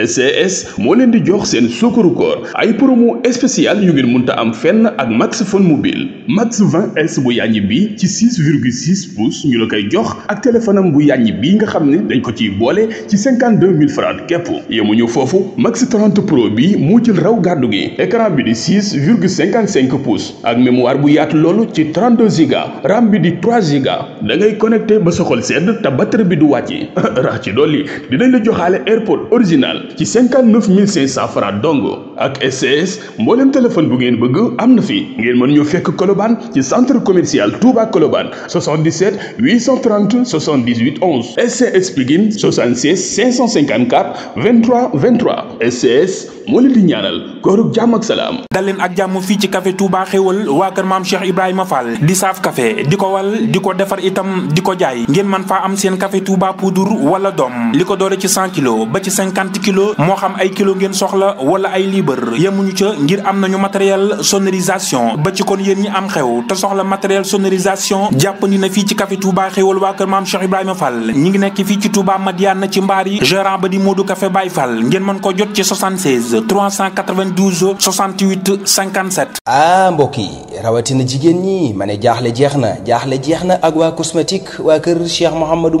SCS e moo leen di jox seen sukkaru koor ay promo spécial yu ngeen munta am fenn ak Max Phone mobile Max 20S bu yàññi bi ci 6 virgule 6 pouces ñu la koy jox ak téléphone bu yàññi bi nga xam ne dañ ko ci boole ci 52 000 francs képp yemuñu foofu Max 30 Pro bi moo jël raw gàddu gi écran bi di 6 virgule 55 pouces ak mémoire bu yaatu loolu ci 32 giga RAM bi di 3 giga da ngay connecté ba soxol sedd te batterie bi du wàcc rax ci dolli dinañ la joxaale AirPod original ci 59500 saafara dongo ak SCS mboolem téléphone bu ngeen bëgg am na fi ngeen mën ñu fekk Colobane ci centre commercial Touba Colobane 77 830 78 11 SCS Pikine 76 554 23 23 SCS moo leen di ñaanal koorug jàmm ak salaam. dal leen ak jàmm fii ci kafe Touba xéwal waa kër maam Cheikh Ibrahima Fall di saaf café di ko wal di ko defar itam di ko jaay ngeen man faa am seen café Touba poudre wala doom li ko doore ci 100 kilos ba ci 50 kilos moo xam ay kilo ngeen soxla wala ay libre mbër yemuñu ngir am nañu matériel sonorisation ba ci kon yéen ñi am xew soxla matériel sonorisation jàppandi na fii ci café Touba xewal waa kër maam Cheikh Ibrahima Fall ñi ngi nekk fii ci Touba Madiane ci mbaar yi gérant ba di Café Baye Fall 76 392 68 57. ah boki, Rawati rawatina jigéen ñi jahle ne jaaxle jeex ak cosmétique wa Cheikh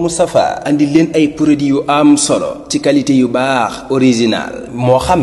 Mustafa andi leen ay yu am solo ci qualité yu original moo xam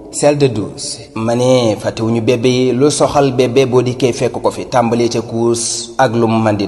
sel de douce mané faté wuñu bébé lu soxal bébé bo dikkee fekk ko fi tambalé ci kous ak lu mandi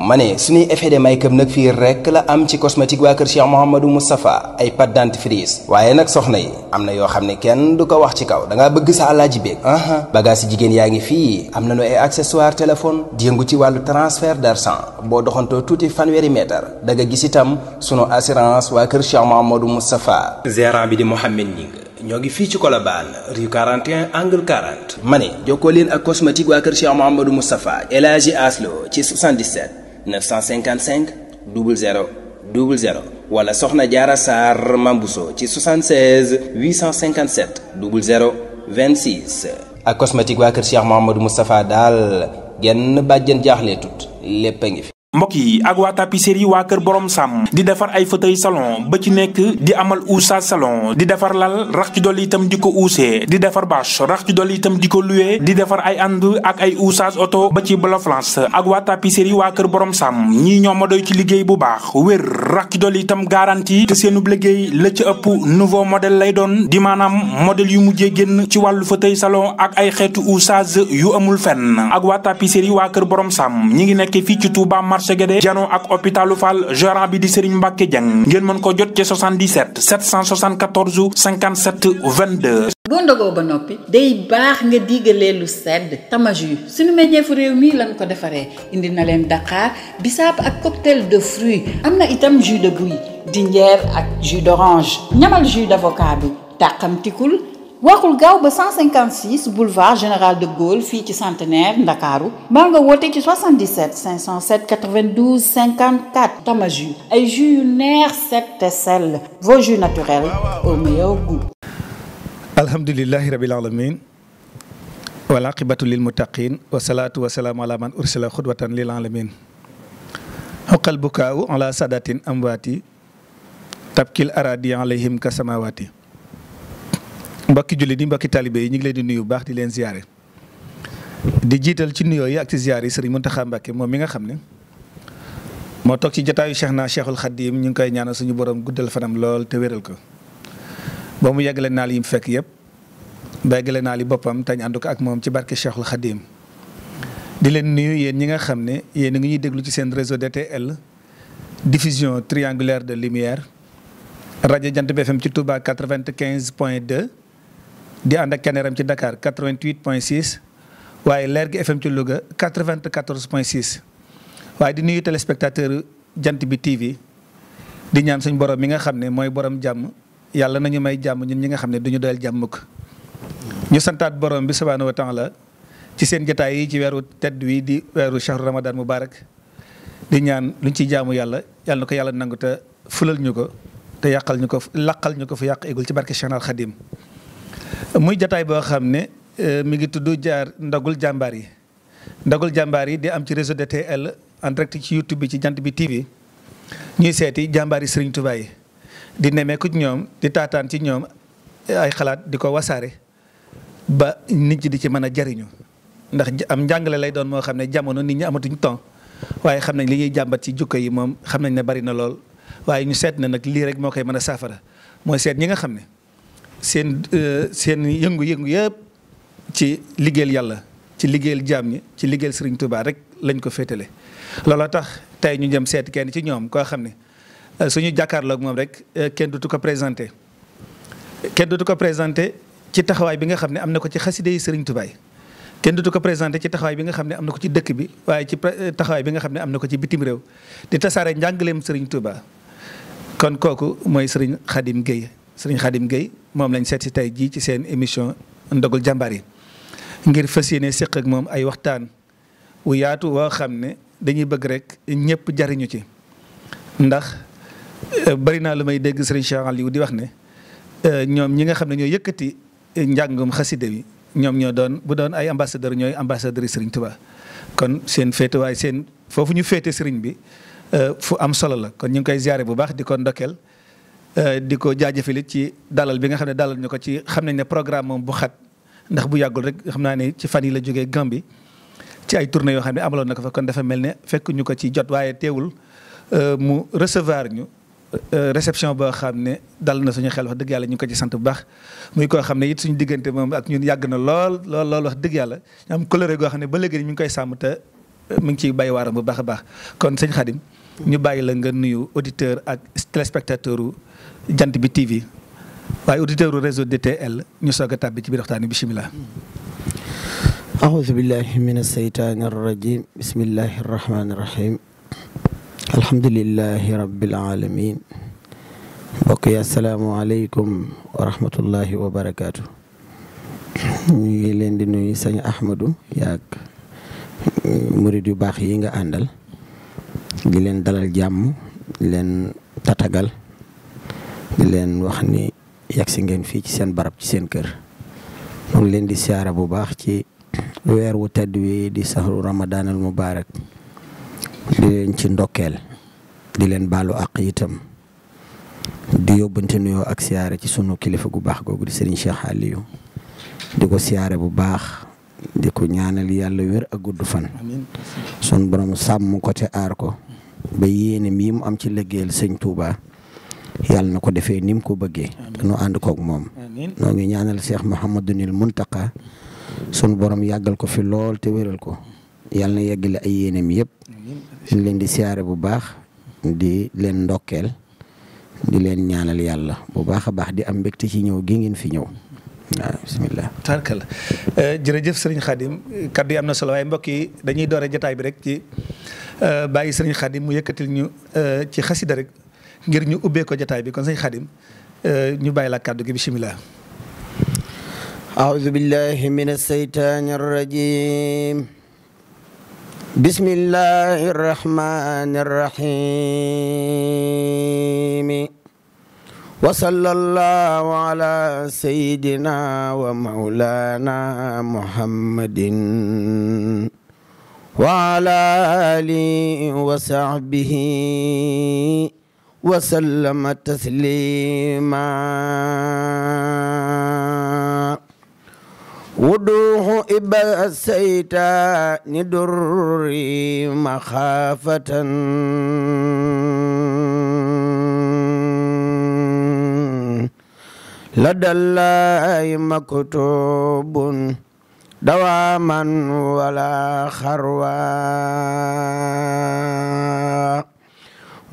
man doon effet de make-up nak fi rek la am ci cosmétique wa keur Cheikh Mouhamadou Moustapha ay pâte dentifrice wayé nak soxna yi amna yo xamné xam kenn du ko wax ci kaw da nga bëgg sa àllaaji bék aha bagage jigen yaangi fi. Amna no ay accessoire téléphone diengu ci walu transfert d'argent bo doxantoo touti fanwéri mètre da nga gis itam suñu assurance wa keur Cheikh Mouhamadou Moustapha gérant bi di mohammed Ñing ñoo ngi fii ci Colobane rue 41 angle 40 ma ne jokkoo leen ak cosmétique waa kër Cheikh Mouhamadou Moustapha El Hadji Aslo ci 77 955 00 00 wala Soxna Jaara Sarr Mambuso ci 76 857 00 26 ak cosmétique waa kër Cheikh Mouhamadou Moustapha daal genn bàjjen jaaxle tut lépp a ngi fi mbokk yi ak wa tapisserie wa keur borom sam di defar ay fauteuil salon ba ci nek di amal oussa salon di defar lal rax ci doli tam di ko di defar bâche rax ci doli tam di ko di defar ay andu, ak ay oussage auto ba ci bloflance ak wa tapisserie wa keur borom sam ñi ñoo ma doy ci liggéey bu baax wër rax ci doli tam garantie te seenub liggéey la ci ëpp nouveau model lay doon di manam model yu mujjé genn ci walu fauteuil salon ak ay xétu oussage yu amul fenn ak wa tapisserie wa keur borom sam ñi ngi nekk fi ci Touba Segede, jano ak hôpitalu Fall gérant bi di Serigne Mbacke Diang. ngeen mën ko jot ci 77 774 57 22. boo ndogoo ba noppi day baax nga digalee lu sedd tamaju suñu meññeefu réew mii lan ko defaree indi na leen daqaar bisaab ak cocktail de fruits am na itam jus de buy dinjeer ak jus d'orange ñamal jus d'avocat bi tàqamtikul waxul 156 boulevard général de Gaulle fille ci centenaire Dakarou. Banga wote ci 77 507 92 54 Tamaju ay jus yu neex vos jus naturels au meilleur goût. alhamdulilahi rabil alamin wal aqibatu lil muttaqin wa salam ala man ursila xudwatan lil alamin xoqal ala sadatin amwati. tabkil aradi alayhim kasamawati. mbokki julli di mbokki talibe ñi ngi leen di nuyu bax di leen ziaré di jital ci nuyo yi ak ci ziaré yi sëriñ Mbacké mi nga xamné mo tok ci jotaay Cheikh Cheikhul Khadim ñu koy ñaanal suñu borom guddal fanam lool te wéral ko ba mu yeggale naal yi mu fekk yépp ba naal yi bopam tañ ak mom ci barké Cheikhul Khadim di leen nuyu yeen ñi nga xamné yeen ngi ñuy déglu ci sen réseau DTL diffusion triangulaire de lumière radio Jant BFM ci Touba 95.2 di ànd ak Keneram ci dakaar 88 point 6 waaye leer gi FM ci Louga 94 point waaye di nuyu téléspectateur jant bi TV di ñaan suñ borom mi nga xam ne mooy borom jàmm yàlla na ñu may jàmm ñun ñi nga xam ne duñu doyal jàmm ko ñu santaat borom bi subhaanahu wa la ci seen jotaay yi ci weeru tedd wi di weeru shahru ramadan mubarak di ñaan luñ ciy jaamu yàlla yàlla na ko yàlla nangu te fulal ñu ko te yàqal ñu ko laqal ñu ko fu yàq eggul ci barke Cheikh Al Khadim muy jataay boo xam ne euh, mi ngi tudd jaar ndagul jàmbaar yi ndagul jàmbaar yi di am ci réseau DTL en direct ci YouTube bi ci jant bi TV ñuy seeti jàmbaar yi Serigne Touba yi di nemmeeku ci ñoom di taataan ci ñoom ay xalaat di ko wasaare ba nit ñi di ci mën a jariñu ndax am njàngale lay doon moo xam ne jamono nit ñi amatuñ temps waaye xam nañ li ñuy jàmbat ci jukko yi moom xam nañ ne bari na lool waaye ñu seet na nag lii rek moo koy mën a saafara mooy seet ñi nga xam ne seen euh, seen yëngu-yëngu yëpp ci liggéeyal yàlla ci liggéeyal jaam ñi ci liggéeyal Serigne Touba rek lañ ko féetale. looloo tax tey ñu jëm seet kenn ci ñoom koo xam ne euh, suñu jàkkaarloog moom rek euh, kenn dutu ko présenté kenn dutu ko présenté ci taxawaay bi nga xam ne am na ko ci xaside yi Serigne Touba yi kenn dutu ko présenté ci taxawaay bi nga xam ne am na ko ci dëkk bi waaye ci taxawaay bi nga xam ne am na ko ci bitim réew di tasaare njàngaleem Serigne Touba kon kooku mooy Serigne Khadim Gueye sëriñ Khadim Gueye moom lañ seet si tey jii ci seen émission ndogul jàmbaar yi ngir fas yéene séq ak moom ay waxtaan wu yaatu woo xam ne dañuy bëgg rek ñëpp jariñu ci ndax euh, bari naa lu may dégg sëriñ Cheikh di wax ne euh, ñoom ñi nga xam ne ñoo yëkkati njàngum xaside bi ñoom ñoo doon bu doon ay ambassadeur ñooy ambassadeur yi sëriñ Tuubaa kon seen féetewaay seen foofu ñu féete sëriñ bi euh, fu am solo la kon ñu ngi koy ziare bu baax di ko ndokkeel Euh, di ko jaajëfal ci dalal bi nga xam ne dalal ñu ko ci xam nañ ne programme moom bu xat ndax bu yàggul rek xam naa ne ci fan yi la jógee Gambie ci ay tournée yoo xam ne amaloon na ko fa kon dafa mel ne fekk ñu ko ci jot waaye teewul euh, mu recevoir ñu. Euh, réception boo xam ne dal na suñu xel wax dëgg yàlla ñu ngi ko ci sant bu baax muy koo xam ne it suñu diggante moom ak ñun yàgg na lool lool lool wax dëgg yàlla ñu am coloré goo xam ne ba léegi ñu ngi koy sàmm mu ngi ciy bay waaram bu baax a baax kon sëñ Xadim ñu bàyyi la nga nuyu auditeur ak téléspectateur jant bi TV waaye auditeur u réseau DTL ñu soog a tàbbi ci bi bisimilah. أعوذ بالله من الشيطان الرجيم بسم الله الرحمن الرحيم mbokk yi asalaamaaleykum wa rahmatullahi wa barakaatu ngi leen di nuyu sëñ Ahmadou yaag murid yu baax yi nga àndal di leen dalal jàmm leen tatagal di leen wax ni yegg si ngeen fii ci seen barab ci seen kër mu ngi leen di siyaara bu baax ci weer wu tedd wi di saxru ramadaanal mubaarak di leen ci ndokkeel di leen baalu ak itam di yóbbante nuyoo ak siyaare ci sunu kilifa gu baax googu di Serigne Cheikh Aliou di ko siyaare bu baax di ko ñaanal yàlla wér ak gudd fan sun borom sàmm ko te aar ko ba yéene mii mu am ci liggéeyal sëñ Touba yàlla na ko defee ni ko bëggee te nu ànd koog moom noo ngi ñaanal Cheikh Mouhamadunil Muntaka sun borom yàggal ko fi lool te wéral ko yàlla na yeggale ay yéeneem yëpp ñu leen di siyaare bu baax di leen ndokkel di leen ñaanal yàlla bu baax a baax di am mbégte ci ñëw gi ngeen fi ñëw waaw bisimilah. tarkal eh, jërëjëf sëriñ Khadim kaddu yi am na solo waaye mbokk yi dañuy doore jotaay bi rek ci eh, bàyyi sëriñ Khadim mu yëkkatil ñu eh, ci xasida rek ngir ñu ubbee ko jotaay bi kon sëriñ Khadim ñu bàyyi la kaddu gi bisimilah. أعوذ بالله من الشيطان الرجيم بسم الله الرحمن الرحيم وصلى الله على سيدنا ومولانا محمد وعلى آله وصحبه وسلم تسليما ودوه إبا السيتا ندري مخافة لدى الله مكتوب دواما ولا خروا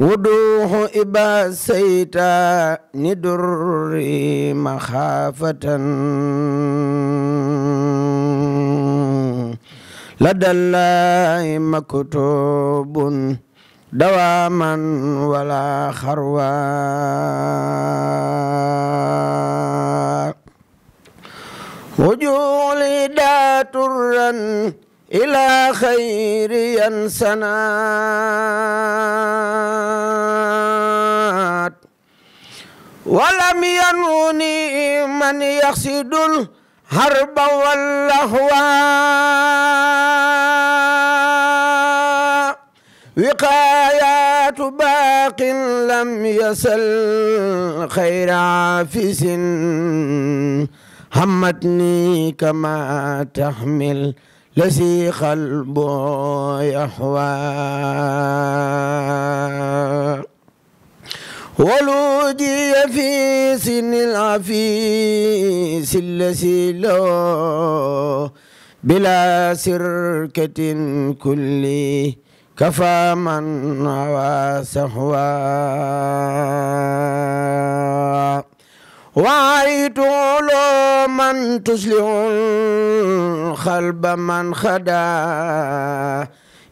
ودوح إبا سيتا ندر مخافة لدى الله مكتوب Dewa man wala kharrwa, wujuli daturran ilaha irian sana, walami yang muni mani yang sidul, باق لم يسل خير عافس همتني كما تحمل لسي قلب يحوى ولودي في سن العفيس الذي له بلا سركة كلي كفى من هوى سهوى وعيت من تسلم الخلب من خدا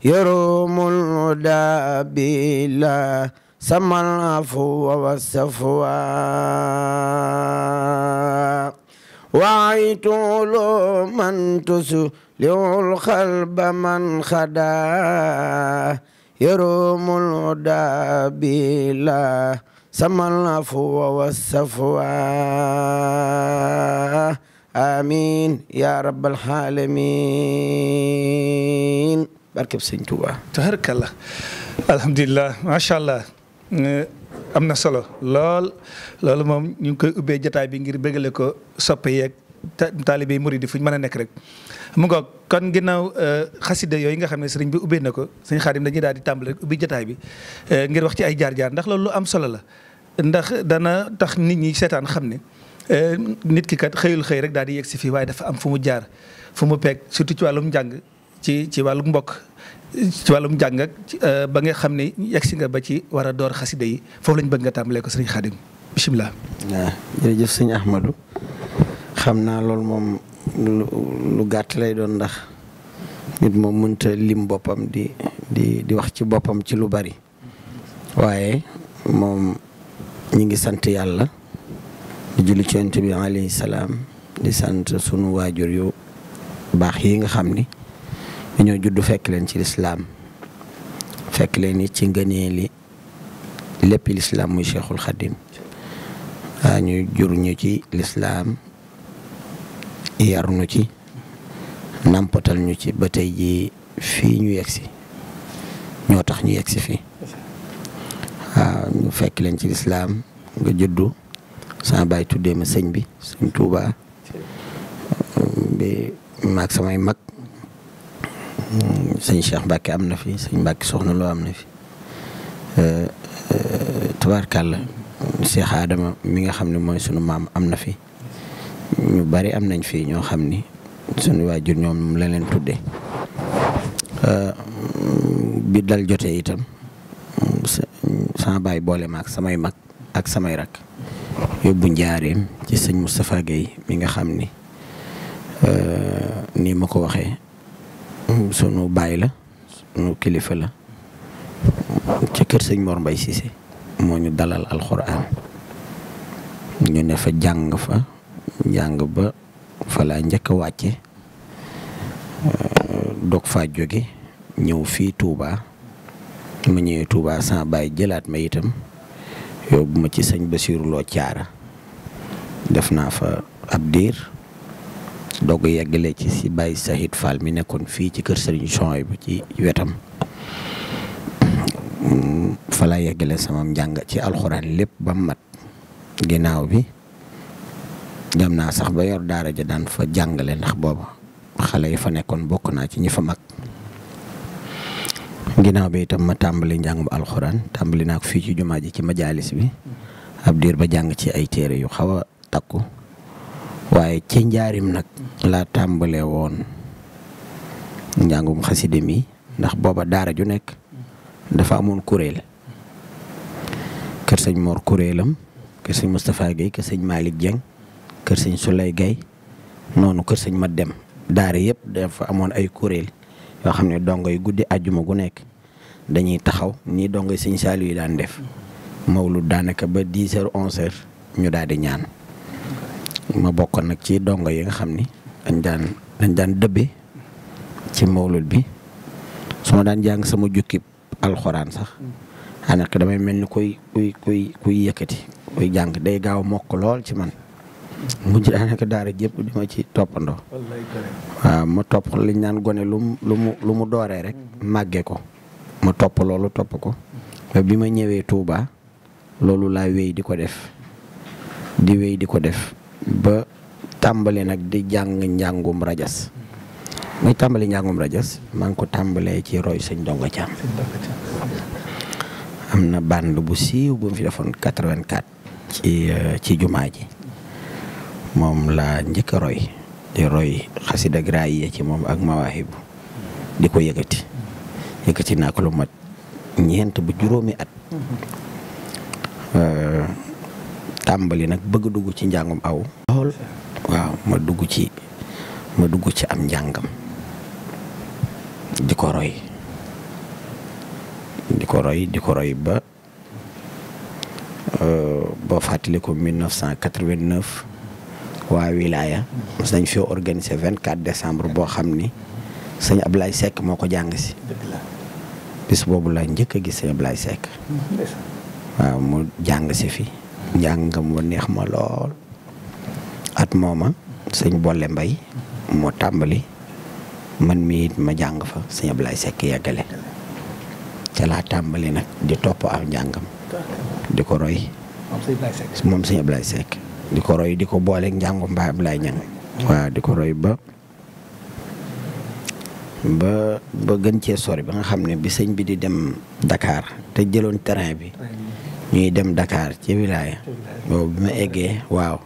يروم الهدى بلا سمى العفو والسفوى وعيت من تسلم ليول قلب من خدا يروم الهدى بلا سمى العفو والصفوة آمين يا رب العالمين barkeb sëñ Tuuba tabarkallah alhamdulilah macha allah eh, am na solo lool loolu moom ñu ngi koy ubbee jataay bi ngir bégale ko soppe yeeg taalibe murid yi fu ñu mën a nekk rek mu ngoog kon ginnaaw euh, xasida yooyu nga xam ne seriñ bi ubbee na ko sëñ Xaadim dañuy daal di tàmbali rek bi euh, ngir wax ci ay jaar ndax loolu lu am solo la ndax dana tax nit ñi seetaan xam ne euh, nit ki kat xëyul xëy rek daal di yegg si fii waaye dafa am fu mu jaar fu mu peeg surtout ci wàllum njàng ci ci wàllum mbokk ci wàllum njàng ak ba nga xam ne yegg si nga ba ci war a door xasida yi foofu lañ bëgg nga tàmbalee ko sëriñ Xaadim bisimilah. waaw jërëjëf sëñ Ahmadou xam naa loolu moom lu gatt lay doon ndax nit mo munta lim bopam di di di wax ci bopam ci lu bari waye mom ñi ngi sant yalla di julli ci ente bi alayhi salam di sant sunu wajur yu bax yi nga xamni ñoo juddu fekk leen ci l'islam fekk leen it ci ngeeneeli lepp l'islam muy cheikhul khadim ñu jur ñu ci l'islam yar nu ci nàmpatal ñu ci ba tey jii fii ñu yegsi ñoo tax ñu yegsi fi waaw fekk leen ci lislaam nga juddu sama baay tuddee ma sëñ bi sëñ Tuuba bi maag samay mag sëñ Cheikh Mbacke am na fi sëñ Mbacke soxna loo am na fi tabaarkàlla Cheikh Adama mi nga xam ne mooy sunu maam am na fi ñu bari am nañ fi ño xamni ni suñu waajur ñoom la leen tudde euh, bi dal joté itam sama bay bolé mak samay mak ak samay rak yóbbu njaareem ci sëñ Moustapha gay mi nga xamni ni euh, ni mako waxé sunu la sunu kilifa la ci kër sëñ Mor mbay Cissé moñu dalal alcorane ñu ne fa jang fa njàng ba fa njëkk wàcce euh, dog faa jóge ñëw fii tuuba ma ñëwee Touba sans bàyyi jëlaat ma itam yóbbu ma ci sëñ Basiiru Loo Caara def naa fa ab diir dogg yeggale ci si Baye Sahid Fall mi nekkoon fii ci kër Serigne Chouaib bi ci wetam fa laa yeggale sama njàng ci alxuraan lépp bam mat ginnaaw bi dem naa sax ba yor daara ja daan fa jàngale ndax booba xale yi fa nekkoon bokk naa ci ñi fa mag ginnaaw bi itam ma tàmbali njàngum alxuraan tàmbali naa ko fii ci jumaa ji ci majaalis bi ab diir ba jàng ci ay téere yu xaw a takku waaye ci njaarim nag laa tàmbalee woon njàngum xaside mi ndax booba daara ju nekk dafa amoon kuréel kër sëñ Mor kuréelam kër sëñ Moustapha Guèye kër sëñ Malick Dieng kër sëñ Souley gay noonu kër sëñ ma dem daara yëpp dafa amoon ay kuréel yoo xam ne dongo yi guddi ajuma gu nekk dañuy taxaw nii dongo yi sëñ Saliou yi daan def mawlu daanaka ba 10 heures 11 ñu daal di ñaan ma bokkoon nag ci dongo yi xam ni dañ daan dañ daan dëbbe ci mawlul bi su daan jàng sama jukki alxuraan sax xanaa damay mel ni kuy kuy kuy kuy yëkkati jàng day gaaw mokk lool ci man mujj daanaka daara jëpp di ma ci toppandoo. waaw ma topp liñ naan gone lu mu lu mu dooree rek. Mhm. màggee ko ma topp loolu topp ko. bi ma ñëwee tuuba loolu la wéy di ko def di wéy di ko def ba tàmbali nag di jàng njàngum rajas. muy tàmbali njàngum rajas maa ngi ko tàmbalee ci roy sëñ Ndongo Thiam. am na band bu siiw bu mu fi defoon 84. ci euh, ci jumaa ji. moom laa njëkk a roy di roy xasida graaya ci moom ak mawaahibu di ko yëkkati yëkkati naa ko lu mat ñeent bu juróomi at euh, tàmbali nag bëgg dugg ci njàngum aw ma dugg ci ma dugg ci am njàngam di ko roy di ko roy di ko roy ba euh, boo fàttaliku 1989 wa wilaya mos nañ fi organiser 24 décembre bo xamni ni sëñ Ablaye Seck moo ko jàng bis bobu la ñëk gi gis sëñ Ablaye Seck mm-hmm. mu jang ci fi njàng mu neex ma lol at moma sëñ Bolle Mbay mo tambali man mi it ma jang fa sëñ Ablaye sek yagalé té la tambali nak di top am jangam di ko roy mom sëñ Ablaye sek diko roy diko bolé booleeg njàngum ba ñang wa diko roy ba ba ba gën ci sori ba nga xamné bi sëñ bi di dem Dakar té jëlon terrain bi ñuy dem Dakar ci wilaya bo bi ma eggee waaw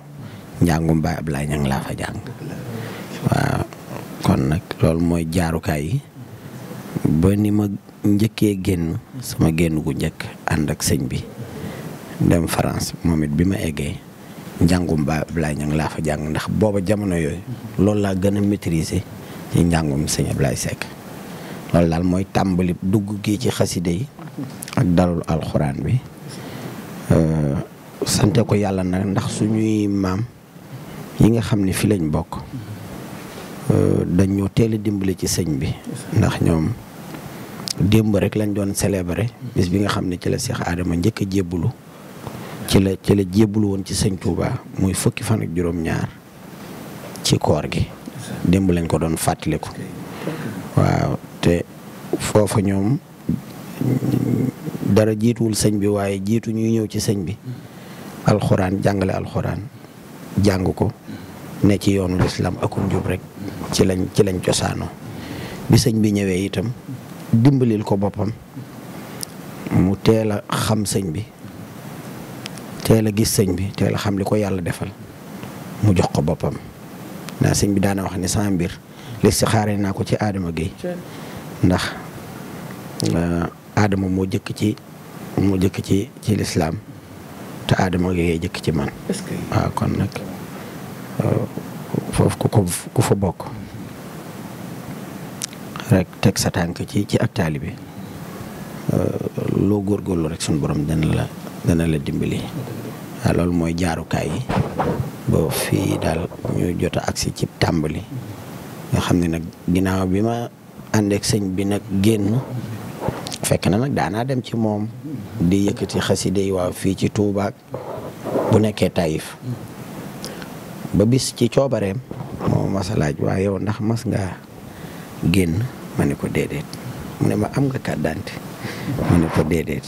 njàngum Baay Ablaay Ñang la fa jang wa kon nak lool moy jaaru kay ba ni ma ñëkke génn sama génn gu ñëk and ak sëñ bi dem France momit bima bi njàngum ba Ablaye Niang laa fa jàng ndax booba jamono yooyu loolu laa gën a maîtriser ci njàngum sëñ laay Seck loolu daal mooy tàmbali dugg gi ci xaside yi ak dalul alxuraan bi euh, sante ko yàlla nag ndax suñuy maam yi nga xam ni fi lañ bokk euh, dañoo teel a dimbali ci sëñ bi ndax ñoom démb rek lañ doon célébrer bis bi nga xam ne ci la Cheikh Adama njëkk a jébbulu ci la ci woon ci sëñ Touba muy fukki fan ak juróom-ñaar ci koor gi démb lañ ko doon fàttaliku waaw te foofa ñoom dara jiituwul sëñ bi waaye jiitu ñuy ñëw ci sëñ bi alxuraan jàngale alxuraan jàng ko ne ci yoonu lislaam akum jub rek ci lañ ci lañ cosaanoo bi sëñ bi ñëwee itam dimbalil ko boppam mu teel a xam sëñ bi teel a gis sëñ bi teel xam li ko yàlla defal mu jox ko boppam naa sëñ bi daana wax ne sama mbir li si naa ko ci Adama Gueye ndax euh, Adama moo jëkk ci moo jëkk ci ci lislaam te Adama Gueye jëkk ci man waaw kon nag euh, foofu ku ko bokk rek teg sa tànk ci ci ak taalibe euh, loo góorgóorlu rek suñu borom dana la dana la dimbali waaw loolu mooy jaarukaay yi fi daal ñu jot aksi agsi ci tàmbali nga xam ne nag ginnaaw bi ma àndeek sëñ bi nag génn fekk na nag daanaa dem ci moom di yëkkati xaside yi waaw fii ci tuubaak bu nekkee Taïf ba bis ci coobareem moo mas waa yow ndax mas nga génn ma ne ko déedéet mu ne ma am nga carte d'identité ma ne ko déedéet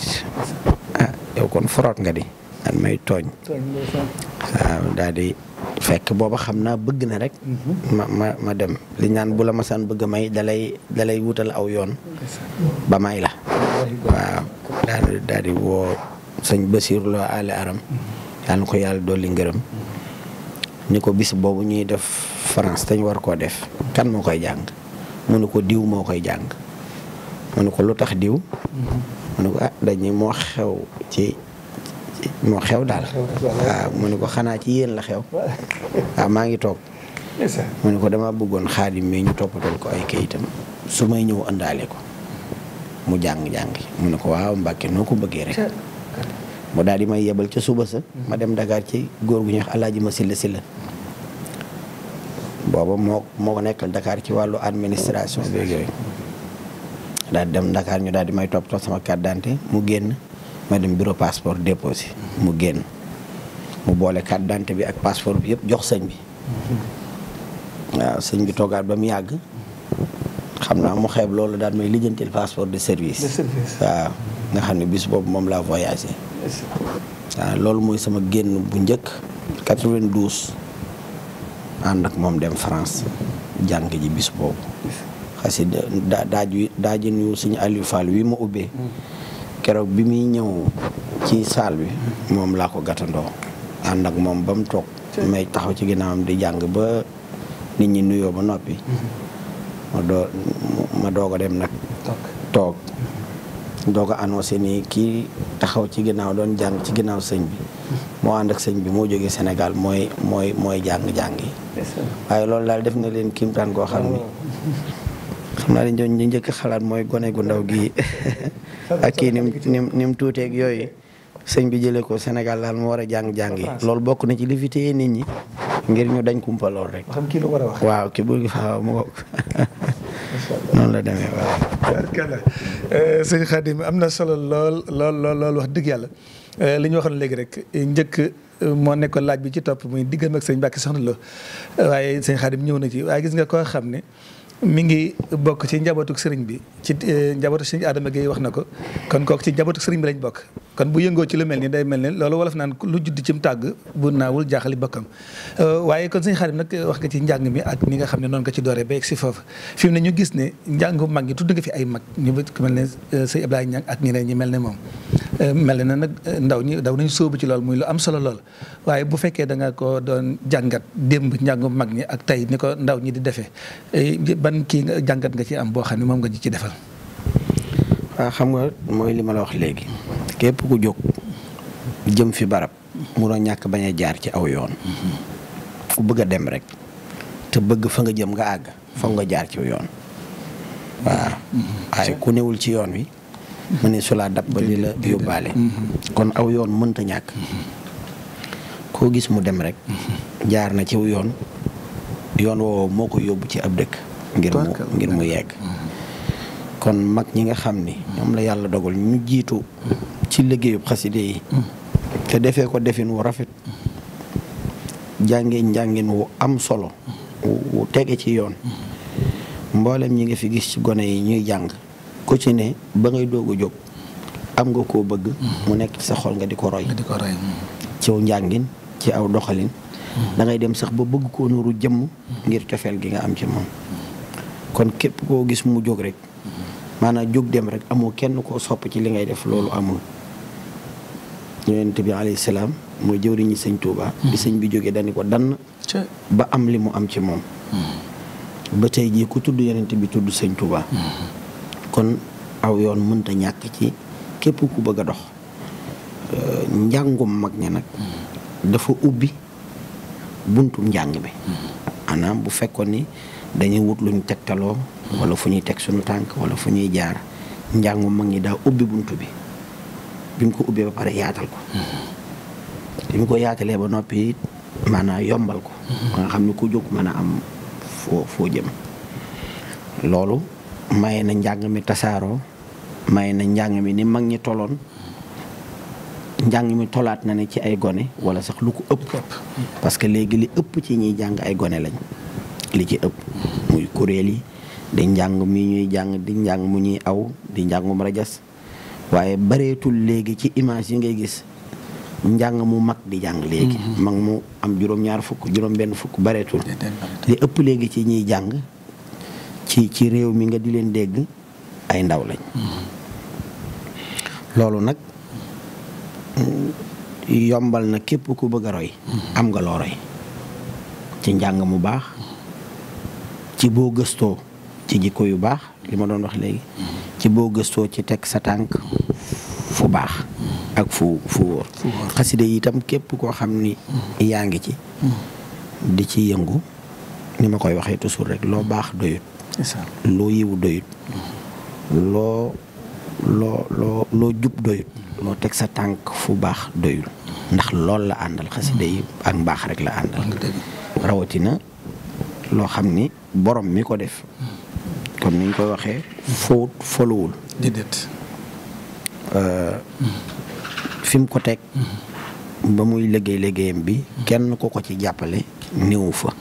yow kon foroot nga di man may togn waaw daldi fekk boba xamna bëgg na rek mhm. ma ma dem li ñaan bu la san bëgg may dalay dalay wutal aw yoon ba may la waaw daldi daldi wo señ basir lo ali aram mhm. yàlla ko yalla doli ngërëm niko bis bobu ñuy def France dañ war ko def kan mo koy jang mu ne ko diiw mo koy jang mu ne ko lutax diiw mhm. mu ne ko ah dañuy moo xew ci moo xew daal waaw mu ne ko xanaa ci yéen la xew waaw maa ngi toog mu ne ko dama bëggoon xaadim mi ñu toppatal ko ay kayitam su may ñëw àndaale ko mu jàng-jàng mu ne ko waaw Mbàkke noo ko bëggee rek mu daal di may yebal ca suba sa ma dem Dakar ci góor gu ñuy wax alaaji ma silla silla booba moo moo nekkal Dakar ci wàllu administration beeg yooyu daal di dem Dakar ñu daal di may topp topp sama carte d'identité mu génn ma dem bureau passeport déposé mu génn mu boole carte d'identité bi ak passeport bi yëpp jox sëñ bi waaw sëñ bi toogaat ba mu yàgg xam naa mu xeeb loolu daal may lijjantil passeport de service waaw nga xam ne bis boobu moom laa voyagé waaw loolu mooy sama génn bu njëkk 92 ànd ak moom dem France jàng ji bis boobu xasida daa daaj wi daajin yu suñu Aliou Fall wi ma ubbee keroog bi muy ñëw ci saal bi moom laa ko gàttandoo ànd ak moom ba mu toog may taxaw ci ginnaawam di jàng ba nit ñi nuyoo ba noppi ma doog dem nag toog doog a annoncé ni kii taxaw ci ginnaaw doon jàng ci ginnaaw sëñ bi moo ànd ak sëñ bi moo jógee senegal mooy mooy mooy jàng-jàng yi waaye loolu daal def na leen kiimtaan koo xam ni oh. xam naa ne njëkk xalaat mooy gone gu ndaw gi ak kii nim nim ni yooyu sëñ bi jëlee ko Sénégal daal mu war a jàng jàng yi. loolu bokk na ci li nit ñi ngir ñu dañ kumpa lool rek. xam kii lu war a wax. waaw kii bu faaw mu bokk. noonu la demee waaw. Eh, sëñ Khadim am na solo lool lool lool wax dëgg yàlla eh, li ñu waxoon léegi rek njëkk eh, moo nekkoon laaj bi ci topp muy diggam ak sëñ Mbacke soxna Lo waaye sëñ Khadim ñëw na ci waaye gis nga koo xam ne. mi ngi bokk ci njabootuk sëriñ bi ci eh, njabootu sëriñ Adama Gueye wax na ko kon kook ci njabootuk sëriñ bi lañ bokk kon bu yëngoo ci lu mel ni day mel ni loolu wolof naan lu judd ci mu tàgg bu naawul jaaxali bokkam eh, waaye kon sëriñ Xaadim nag wax nga ci njàng mi ak ni nga xam ne noonu ko ci dooree ba egg si foofu fi mu ne ñu gis ne njàngu mag ñi tudd nga fi ay mag ñu mel ne eh, sa Ablaye Niang ak ñeneen ñi mel ne moom mel na ndaw ni daw nañ soobu ci lool muy lu am solo lool waye bu fekke da nga ko doon jangat demb njàngu mag ni ak tay ni ko ndaw ni di defé eh, ban ki nga jangat nga ci am bo xamni mom nga ci defal. wa xam nga moy li ma la wax legi kep ku jog jëm fi barab mu ro ñak baña jaar ci aw yoon ku bëgg dem rek te bëgg fa nga jëm nga ag fa nga jaar ci yoon wa mm-hmm. ay ku neewul ci yoon wi mu ne su laa dab ba li la yóbbaale mm-hmm. kon aw yoon mënta ñàkk mm-hmm. koo gis mu dem rek mm-hmm. jaar na ciw yoon yoon woowu moo ko yóbbu ci ab dëkk ngir mu ngir mu yegg kon mag ñi nga xam ni ñoom la yàlla dogal ñu jiitu ci liggéeyub xaside yi te defee ko defin wu rafet jàngeen njàngin wu am solo wu tege ci yoon mboolem ñi nga fi gis ci gone yi ñuy jàng ku ci ne ba ngay doog a jóg am nga koo bëgg. Mm-hmm. mu nekk sa xol nga di ko roy. di ko roy mm-hmm. ci aw njàngin ci aw doxalin. Mm-hmm. da ngay dem sax ba bëgg koo nuru jëmm. ngir cofeel gi nga am ci moom. kon képp koo gis mu jóg rek. maanaa jóg dem rek amoo kenn koo sopp ci li ngay def loolu amul. yonent bi alayhi salaam mooy jëwriñu sëñ Touba. di sëñ bi jógee dañu ko dann. ba am li mu am ci moom. ba tey jii ku tudd yonent bi tudd sëñ kon aw yoon mënta ñàkk ci képp ku bëgg a dox euh, njàngum mag ñi nag dafa ubbi buntum njàng bi maanaam bu fekkoon ni dañuy wut luñ tegtaloo wala fu ñuy teg suñu tànk wala fu ñuy jaar njàngum mag ñi daa ubbi bunt bi bi mu ko ubbee ba pare yaatal ko bi mu ko yaatalee ba noppi maanaa yombal ko nga xam ne ku jóg mën a am foo foo jëm loolu maye na njàng mi tasaaroo may na njàng mi ni mag ñi toloon njàng mi tolaat na ne ci ay gone wala sax lu ko ëpp parce que léegi li ëpp ci ñuy jàng ay gone lañ li ci ëpp muy kuréel yi di njàng mi ñuy jàng di njàng mu ñuy aw di njàngum rajas waaye bareetul léegi ci image yi ngay gis njàng mu mag di jàng léegi mm-hmm. mag mu am juróom-ñaar fukk juróom benn fukk bareetul li ëpp léegi ci ñuy jàng ci ci réew mi nga di leen dégg ay ndaw lañ loolu nag mm, yombal na képp ku bëgg a roy am nga loo roy ci njàng mu baax ci boo gëstoo ci jikko yu baax li ma doon wax léegi ci boo gëstoo ci teg sa tànk fu baax ak fu fu xasida yi itam képp koo xam ni yaa ngi ci di ci yëngu ni ma koy waxee toujours rek loo baax doyut loo yiwu doyut loo loo loo loo jub doyut loo teg sa tànk fu baax doyul ndax lool la àndal xasida yi ak mbaax rek la àndal rawatina loo xam ni borom mi ko def kon ni ñu koy waxee fóot folowul déedéet euh, mm-hmm. fi ko teg mm-hmm. ba muy liggéey léggéeyam bi mm-hmm. kenn ko ko ci jàppale néew fa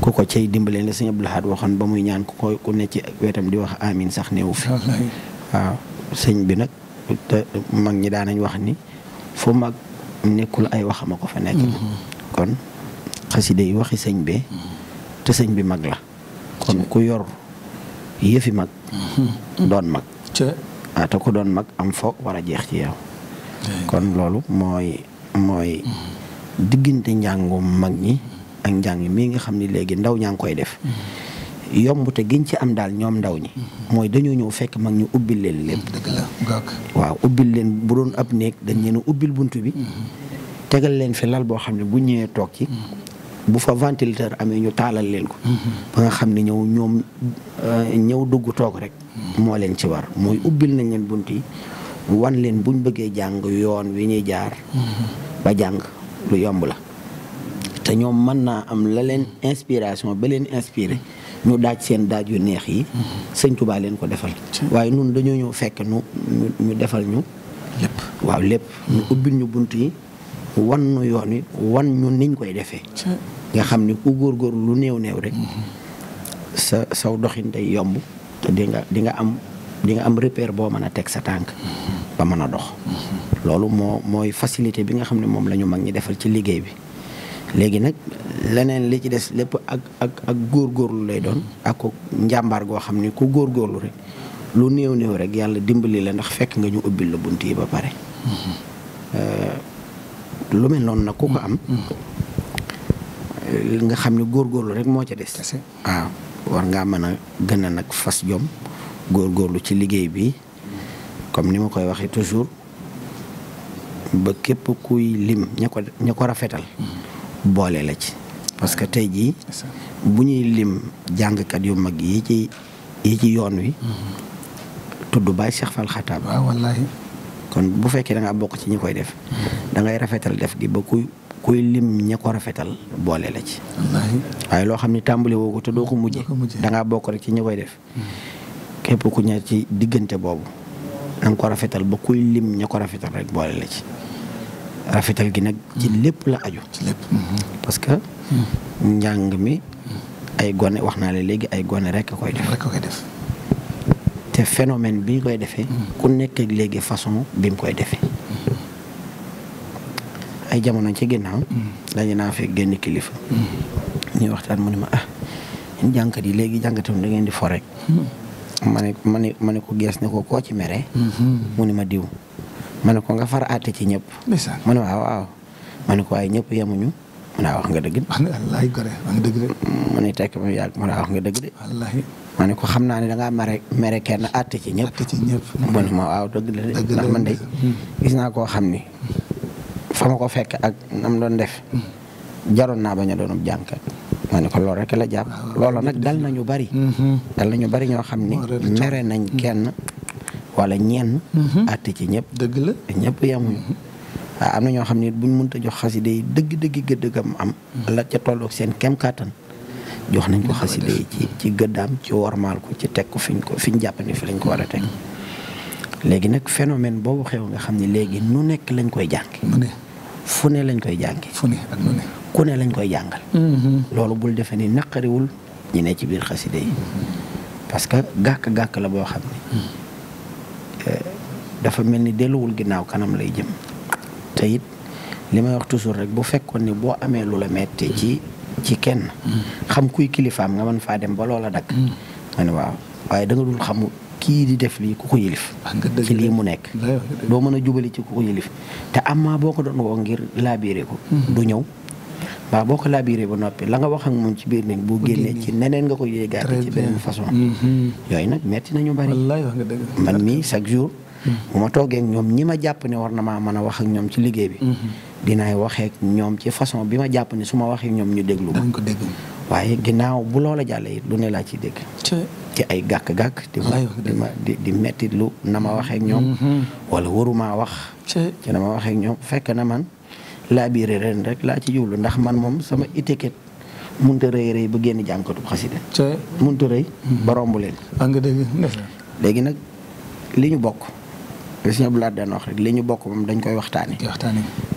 kuko cey dimbalé dimbalee la sëñ Abdul Ahad waxoon ba muy ñaan kuko ku ne ci wétam di wax amin sax néew fi waaw seigne bi nak mag ñi daanañ wax ni fu mag nekul ay waxama ko fa nekk mhm. kon khasside yi waxi seigne bi mhm. te seigne bi mag la kon ku yor yefi mag mhm. doon mag ci ata ah, ko doon mag am fo wara jeex ci yow kon lolu moy moy diggante ñangum mag ñi ak njàng mii nga xam ni léegi ndaw ngi koy def giñ ci am daal ñoom ndaw ñi mooy dañoo ñëw fekk mag ñu ubbil leen lépp dëgg waaw ubbil leen bu ab néeg dañ leen ubbil bunt bi tegal leen fi lal boo xam ne bu ñëwee toog ci bu fa ventilateur amee ñu taalal leen ko ba nga xam ne ñëw ñoom euh, ñëw dugg toog rek moo leen ci war mooy ubbil nañ leen bunt yi wan leen buñ bëggee jàng yoon wi ñuy jaar ba jàng lu yomb la te ñoom mën naa am la leen inspiration ba leen inspiré ñu daaj seen daaj yu neex yi sëñ Tuubaa leen ko defal waaye nun dañoo ñëw fekk nu ñu defal ñu lépp waaw lépp ñu ubbil ñu bunt yi wan nu yoon wi wan ñu niñ koy defee nga xam ni ku góor góor lu néew néew rek mm-hmm. sa saw doxin day yomb te di nga di nga am di am repère boo mën a teg sa tànk mm-hmm. ba mën a dox mm-hmm. loolu moo mooy facilité bi nga xam ne moom la ñu mag ñi defal ci liggéey bi léegi nag leneen li ci des lépp ak ak ak góorgóorlu lay doon ak ko njàmbaar goo xam ni ku góor góorlu rek lu néew néew rek yàlla dimbali la ndax fekk nga ñu ubbil la bunt yi ba pare euh, lu mel noon nag ko am euh, nga xam ne góorlu rek moo ca des waaw war ngaa mën a gën a nag fas jom góorlu ci liggéey bi comme ni ma koy waxee toujours ba képp kuy lim ña ko ña ko rafetal mm-hmm. boole la ci. parce que tey jii. bu ñuy lim jàngkat yu mag yi ci yi ci yoon wi. tudd Baye Cheikh Fall Xataab. waaw wallaahi. kon bu fekkee da ngaa bokk ci ñu koy def. dangay rafetal def gi ba kuy kuy lim ña ko rafetal boole la ci. waaye loo xam ne tàmbali woo ko te doo ko mujjee. da ngaa bokk rek ci ñi koy def. képp ku ñaar ci diggante boobu. da nga ko rafetal ba kuy lim ña ko rafetal rek boole la ci. rafetal gi nag ci lépp la aju ci parce que njàng mi ay gone wax naa la léegi ay gone rek koy def rek koy def te phénomène bi ñu koy defee mm-hmm. ku nekk léegi façon bi mu koy defee mm-hmm. ay jamono ci ginnaaw mm-hmm. dañu naa fi génn kilifa ñuy waxtaan mu ne ma ah ñun jànkat yi léegi jànkatam da ngeen di fore ma ne ma ne ma ko gees ne ko koo ci mere mu ne ma diw ma ne ko nga far a ci ñëpp. mu ne waaw ah, waaw ma ne ko waaye ñëpp yemuñu mu ne ah, wax nga dëgg. wax nga wallaahi gore wax nga dëgg de. mu ne tekk mu yàgg mu ne ah, wax nga dëgg de. wallaahi. ko xam naa ne dangaa mere mere a àtte ci ñëpp. ma waaw dëgg de ndax man de hmm. gis naa koo xam ni ak nam doon def. Hmm. jaroon naa bañ a doon ko loolu rek la jàpp. loolu nag dal nañu bari. Hmm, dal nañu bari ñoo xam mere nañ kenn. wala ñenn. Mhm. àtte ci ñëpp. dëgg la ñëpp yemuñu. Mhm. waaw am na ñoo xam ne buñ mënta jox xaside yi dëgg dëgg gëddëgam am. Mhm. la ca tolloog seen kem kàttan jox nañ ko xaside yi ci ci gëddaam ci wormaal ko ci teg ko fiñ ko fiñ jàpp ne fi lañ ko war a teg. léegi nag phénomène boobu xew nga xam ni léegi nu nekk lañ koy jànge fu ne lañ koy jànge fu ne ku ne lañ koy jàngal loolu bul defe ni naqariwul ñi ne ci biir xaside yi parce que gàkk-gàkk la boo xam ne dafa mel ni delluwul ginnaaw kanam lay jëm te li may wax toujours rek bu fekkoon ni boo amee lu la metti ci ci kenn xam kuy kilifaam nga mën faa dem ba loola dakk mm. ma waaw waaye da nga dul xamul kii di def lii ku ko yilif ah, ci lii mu nekk doo mën a jubali ci ku ko yilif te amaa boo ko doon woo ngir labiré ko mm-hmm. du ñëw waaw boo ko labiré ba noppi la nga wax ak moom ci biir nekk boo génnee ci neneen nga ko yéegaate ci beneen façon mm-hmm. yooyu nag metti nañu bari man mii chaque jour bu ma toogeek ñoom ñi ma jàpp ne war na maa mën a wax ak ñoom ci liggéey bi. Mhm. dinaay waxee ñoom ci façon bi ma jàpp ne su ma waxee ñoom ñu déglu ma. ko déglu waaye ginnaaw bu loola jàllee it lu laa ciy dégg. ci ay gàkk-gàkk. di ma di di lu na ma waxeek ak ñoom. Mhm. wala waruma wax. ci na ma waxee ak ñoom fekk na man laa biire ren rek laa ci jublu ndax man moom sama étiquette. mënut a rëy rëy ba génn jànkatu xasida. mënut a rëy. Mhm. ba romb leen. Ah, léegi nag li ñu bokk. li si ñëpp daan wax rek li ñu bokk moom dañ koy waxtaanee.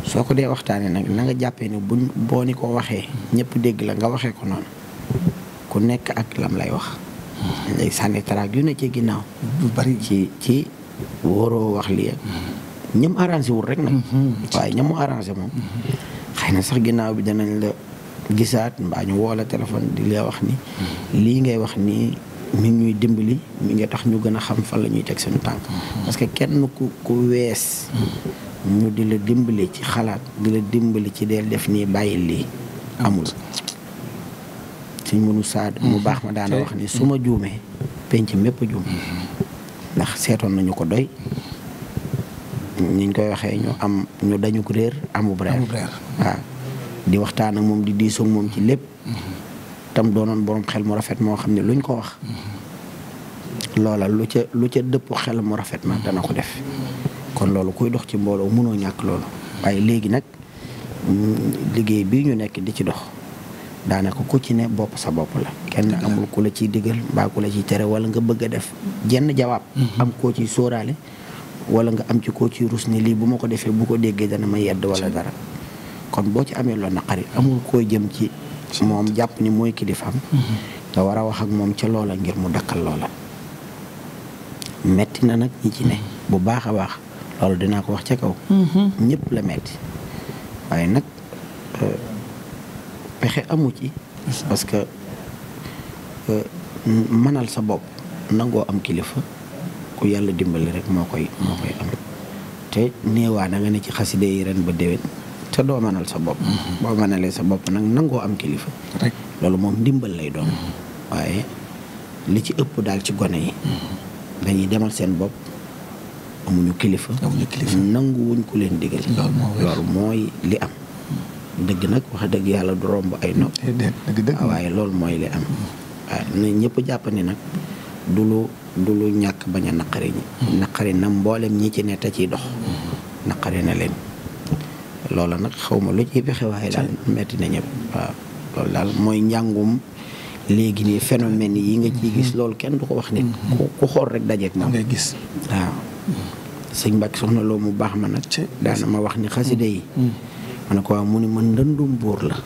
soo ko dee waxtaanee nag na nga jàppee ni buñ boo ni ko waxee ñëpp dégg la nga waxee ko noonu ku nekk ak lam lay wax. Hmm. day sànni taraak yu ne ci ginnaaw. du bari ci ci waroo wax lii hmm. ñam arrangé wul rek nag. Hmm. waaye ñamu arrangé moom. xëy na sax ginnaaw bi danañ la gisaat mbaa ñu woo la téléphone di la wax ni. lii ngay wax nii. mi ñuy dimbali mi nga tax ñu gën a xam fan la ñuy teg suñu tànk. Mm-hmm. parce que kenn ku ku wees. Mm-hmm. ñu di la dimbali ci xalaat di la dimbali ci deel def nii bàyyi lii amul. suñ mënu saad mu mm-hmm. baax ma daana wax ni suma juumee penc mépp juum. ndax seetoon nañu ko doy. niñ koy waxee ñu am ñu dañu ko réer amub reer. waaw di waxtaan ak moom di diisoo moom ci lépp. tam doonoon borom xel mu rafet moo xam ne lu ñu ko wax loola lu ca lu ca dëpp xel mu rafet ma dana ko def kon loolu kuy dox ci mbooloo mënoo ñàkk loolu waaye léegi nag mm, liggéey bii ñu nekk di ci dox daanaka ku ci ne bopp sa bopp la kenn amul ku la ciy digal mbaa ku la ciy tere wala nga bëgg a def jenn jawaab mm-hmm. am koo ciy sóoraale wala nga am ci koo ciy rus ni lii bu ma ko defee bu ko déggee dana ma yedd wala dara kon boo ci amee loolu naqari amul moom jàpp ni mooy kilifaam nga war a wax ak moom ca loola ngir mu dakkal loola metti na nag ñi ci ne bu baax a baax loolu dinaa ko wax ca kaw ñëpp la metti waaye nag euh, pexe amu ci parce que euh, mënal sa bopp nangoo am kilifa ku yàlla dimbali rek moo koy moo koy am te néewaa na nga ne ci xaside yi ba déwén te doo mënal sa bopp. Mm-hmm. boo manalee sa bopp nag nangoo am kilifa. loolu moom ndimbal lay doon. Mm-hmm. waaye li ci ëpp daal ci gone yi. Mm-hmm. dañuy demal seen bopp amuñu kilifa. amuñu kilifa nanguwuñ ku leen digal. loolu mooy li am. dëgg nag wax dëgg yàlla du romb ay nopp. Eh, waaye loolu mooy li am. waaye na ñëpp jàpp nag du lu du lu ñàkk bañ a naqari na mboolem ñi ci ne te ciy dox. naqari na leen. Lola nak xawma lu ci pexe way daal metti na ñep wa lool dal moy ñangum léegi ni phénomène yi nga ci gis mm-hmm. lool kenn du ko wax ni mm-hmm. ku xor rek dajeeg moom ngay gis wa señ mbak soxna lo mu bax ma da na ma wax ni khaside yi mm-hmm. man ko mu ni man ndëndum bur la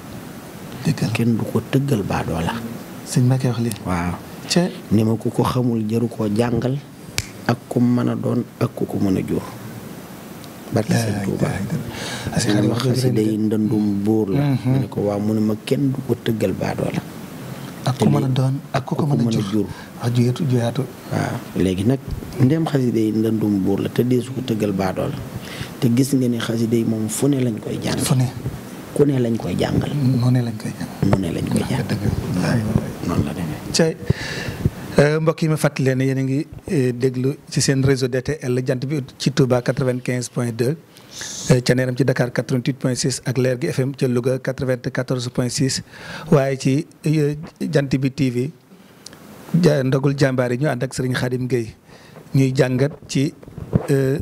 kenn du ko ba do la señ mbak wax wa ci ni ma ku ko xamul jëru ko jangal ak ku mëna doon ak ku ko mëna barke sëñ Touba xanaa ma xasida yi ndëndum buur la mm-hmm. ne ko waaw mu ne ma kenn du ko tëggal baadoo la ak ku mën ko mën a jur wax juyeetu juyaatu waaw léegi nag ndem xasida yi ndëndum buur la te su ko tëggal baadoo la te gis nga ne xasida yi moom fu ne lañ koy jàng fu ne ne lañ koy jàngal. noonu lañ koy jàngal. noonu lañ koy jàngal. la Euh, mbokk yi ma fàttali leen yéen a ngi euh, déglu ci seen réseau DTL jant bi ci Touba 95 point 2 euh, caneeram ci Dakar 88 point 6 ak leer gi FM ca Louga 94 point 6 waaye ci jant bi TV ndogul jàmbaar yi ñu ànd ak Serigne Khadim Gueye ñuy jàngat ci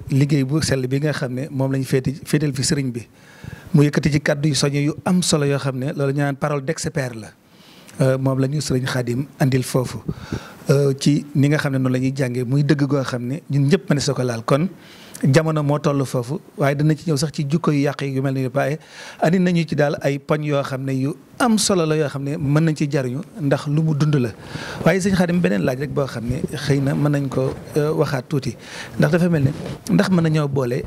liggéey bu sell bi nga xam ne moom lañu féeti féetal fi sëriñ bi mu yëkkati ci kàddu yi soññ yu am solo yoo xam ne loolu ñaan naan parole d'expert la Euh, moom la ñu sëriñ Xaadim indil foofu euh, ci ni nga xam ne noonu la jàngee muy dëgg goo xam ne ñun ñëpp mën sa ko laal kon jamono moo toll foofu waaye dana ci ñëw sax ci jukko yu yàq yu mel ni bàyyi andi nañu ci daal ay yoo xam ne yu am solo la yoo xam ne mën nañ ci jariñu ndax lu mu dund la waaye sëñ Xaadim beneen laaj rek boo xam ne xëy na mën nañ ko euh, waxaat tuuti ndax dafa mel ne ndax mën nañoo boole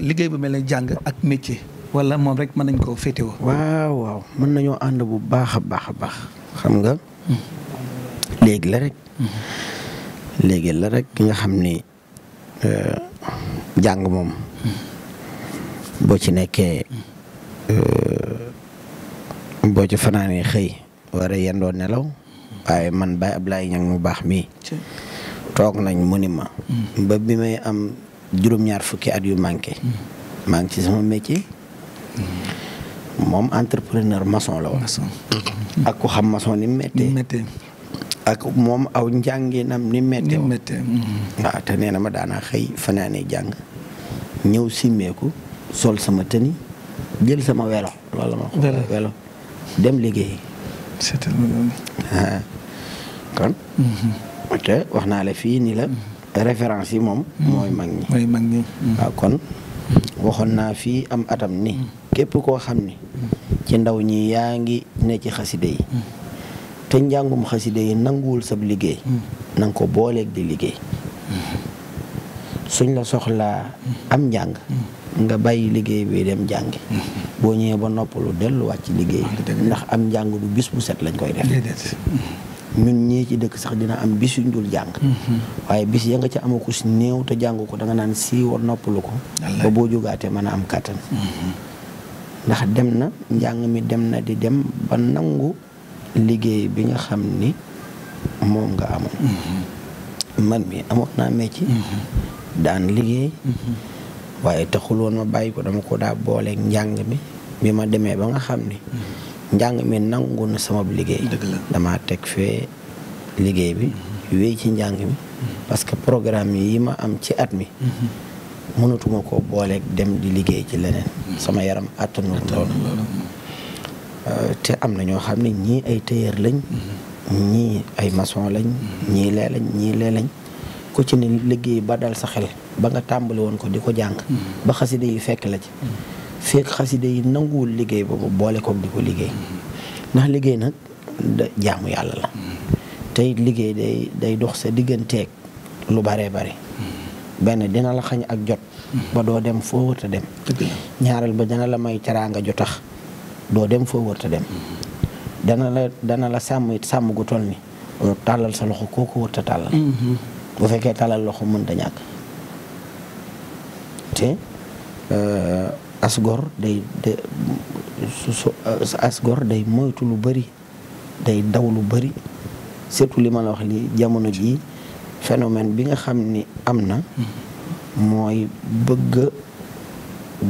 liggéey bu mel ne jàng ak métier. wala mom rek man nañ fété wo waaw waaw man nañu and bu baax a baax xam nga. légui la rek. légui la rek nga xamni euh jang mom bo ci euh bo ci fanaanee xey wara yendo nelaw. waaye man bay ablay ñang mu baax mi tok nañ munima ma. Mm. ba bi may am jurum ñaar fukki at yu manké mm. maa ci sama métier. Mom entrepreneur maçon la woon ak ku xam maçon ni metti metti ak mom aw njànginam ni méttee ni méttee te nee ma daanaa xey fanaanee jang ñew sol sama teni jël sama welo loolu ma welo dem liggéey setel, kan? Mhm. wax naa la fi ni la mhm. référence mom, moy mhm. magni moy magni kon waxon na fi am atam ni képp koo xam ni ci ndaw ñi yaa ngi ne ci xasida yi te njàngum xasida yi nanguwul sab liggéey nanga ko booleeg di liggéey suñ la soxlaa am njàng nga bàyyi liggéey bi dem jàngi boo ñëwee ba noppalu delluwaat ci liggéey ndax am njàng du bis bu set lañ koy def ñun ñii ci dëkk sax dina am bis yuñ dul jàng waaye bis ya nga ca amakus néew te jàng ko danga naan sii war noppalu ko ba boo jógaatee mën a am kàttan ndax dem na njàng mi dem na di dem ba nangu liggéey bi nga xam ni moom nga amoon mm-hmm. man mi amoon naa métier mm-hmm. daan liggéey mm-hmm. waaye taxul woon ma bàyyi ko dama ko daa booleeg njàng mi bi ma demee ba nga xam ni njàng mi nangu na sama liggéey dama teg fee liggéey bi wéy ci njàng mi parce que programme yi ma am ci at mi mënatuma ko booleek dem di liggéey ci leneen sama yaram àttanu loolu euh, te am na ñoo xam ne ñii ay tailleur lañ ñii ay maçon lañ ñii lee ñii lee lañ ku ci ne liggéey ba dal sa xel ba nga tàmbali woon ko di ko jàng ba xaside yi fekk la ci fekk xaside yi nanguwul liggéey boobu boole koog di ko liggéey ndax liggéey nag da jaamu yàlla la tey liggéey day day dox sa digganteeg lu baree bari benn dina la xañ ak jot mm-hmm. ba doo dem foo wërta dem ñaareel ba dina la may teraanga ju tax doo dem foo wërta dem mm-hmm. dana la sàmm it sàmm gu toll ni tàllal sa loxo kooku wërta tàllal mm-hmm. bu fekkee tàllal loxo mën ñàkk te euh, asgor euh, day moytu lu bari day daw lu bari surtout li ma la wax li jamono jii phénomène bi nga xamni amna am na bëgg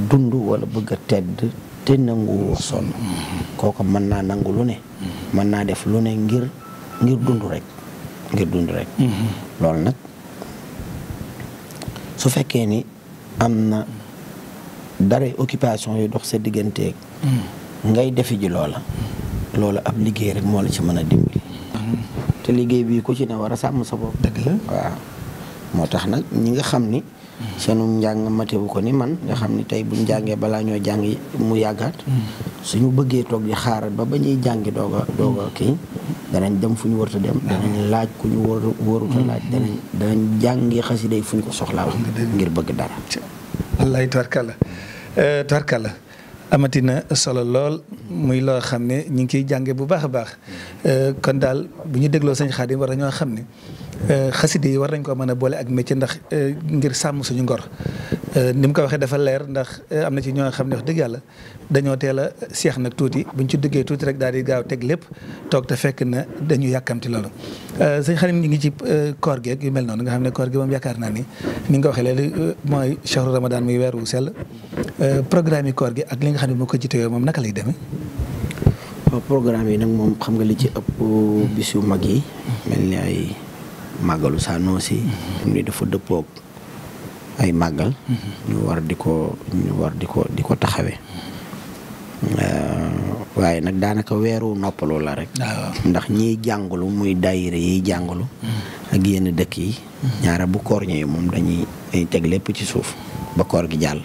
dundu wala bëgg tedd té nanguwoo son koko man na nangu lu né man na def lu né ngir ngir dundu rek ngir dundu rek lool nak su ni am na dara occupation yu dox sa ngai mm. ngay defi ji loola loola ab liggéey rek mo la ci mëna dimbali te liggéey bi ku ci ne war a sàmm sa bopp. dëgg la waaw moo tax nag ñi nga xam ni. seenu njàng matewu ko ni man nga xam ni tey buñ jàngee balaa ñoo jàng mu yàggaat. Mm. suñu bëggee toog di xaar ba ba ñuy jàngi doog a danañ dem fu ñu warut dem. Mm. danañ laaj ku ñu war warut a laaj. Mm. danañ danañ jàngi xasida yi fu ñu ko soxlaa ngir bëgg dara. tarkala. Eh, amatina solo lool muy loo xam ne ñu ngi koy jànge bu baax a baax euh, kon daal bu ñu dégloo sëñ Xaadim war nañoo xam ne euh, xaside yi war nañ koo mën a boole ak métier ndax euh, ngir sàmm suñu ngor ni mu ko waxee dafa leer ndax am na ci ñoo xam ne wax dëgg yàlla dañoo teel a seex nag tuuti buñ ci dëggee tuuti rek daal di gaaw teg lépp toog te fekk na dañu yàkkamti loolu sëñ Xaadim ñu ngi ci koor gi yu mel noonu nga xam ne koor gi moom yaakaar naa ni ni nga ko waxee léegi mooy chahru ramadan muy weer wu sell Eh, programme korgi, koor gi ak li nga xamni moko jité yow mom naka lay démé waaw programme yi nak mom xam nga li ci ëpp bisu mag yi. mel ay màggalu Sanosi. xam ni dafa deppok ay magal, ñu war diko ñu war diko diko taxawé euh waye nak nag daanaka weeru la rek. Ah, ndax ñi jangulu muy daayira yi jangulu ak yene dekk yi. ñaara bu koor ñe mom dañuy tegg lepp ci suuf ba koor gi jall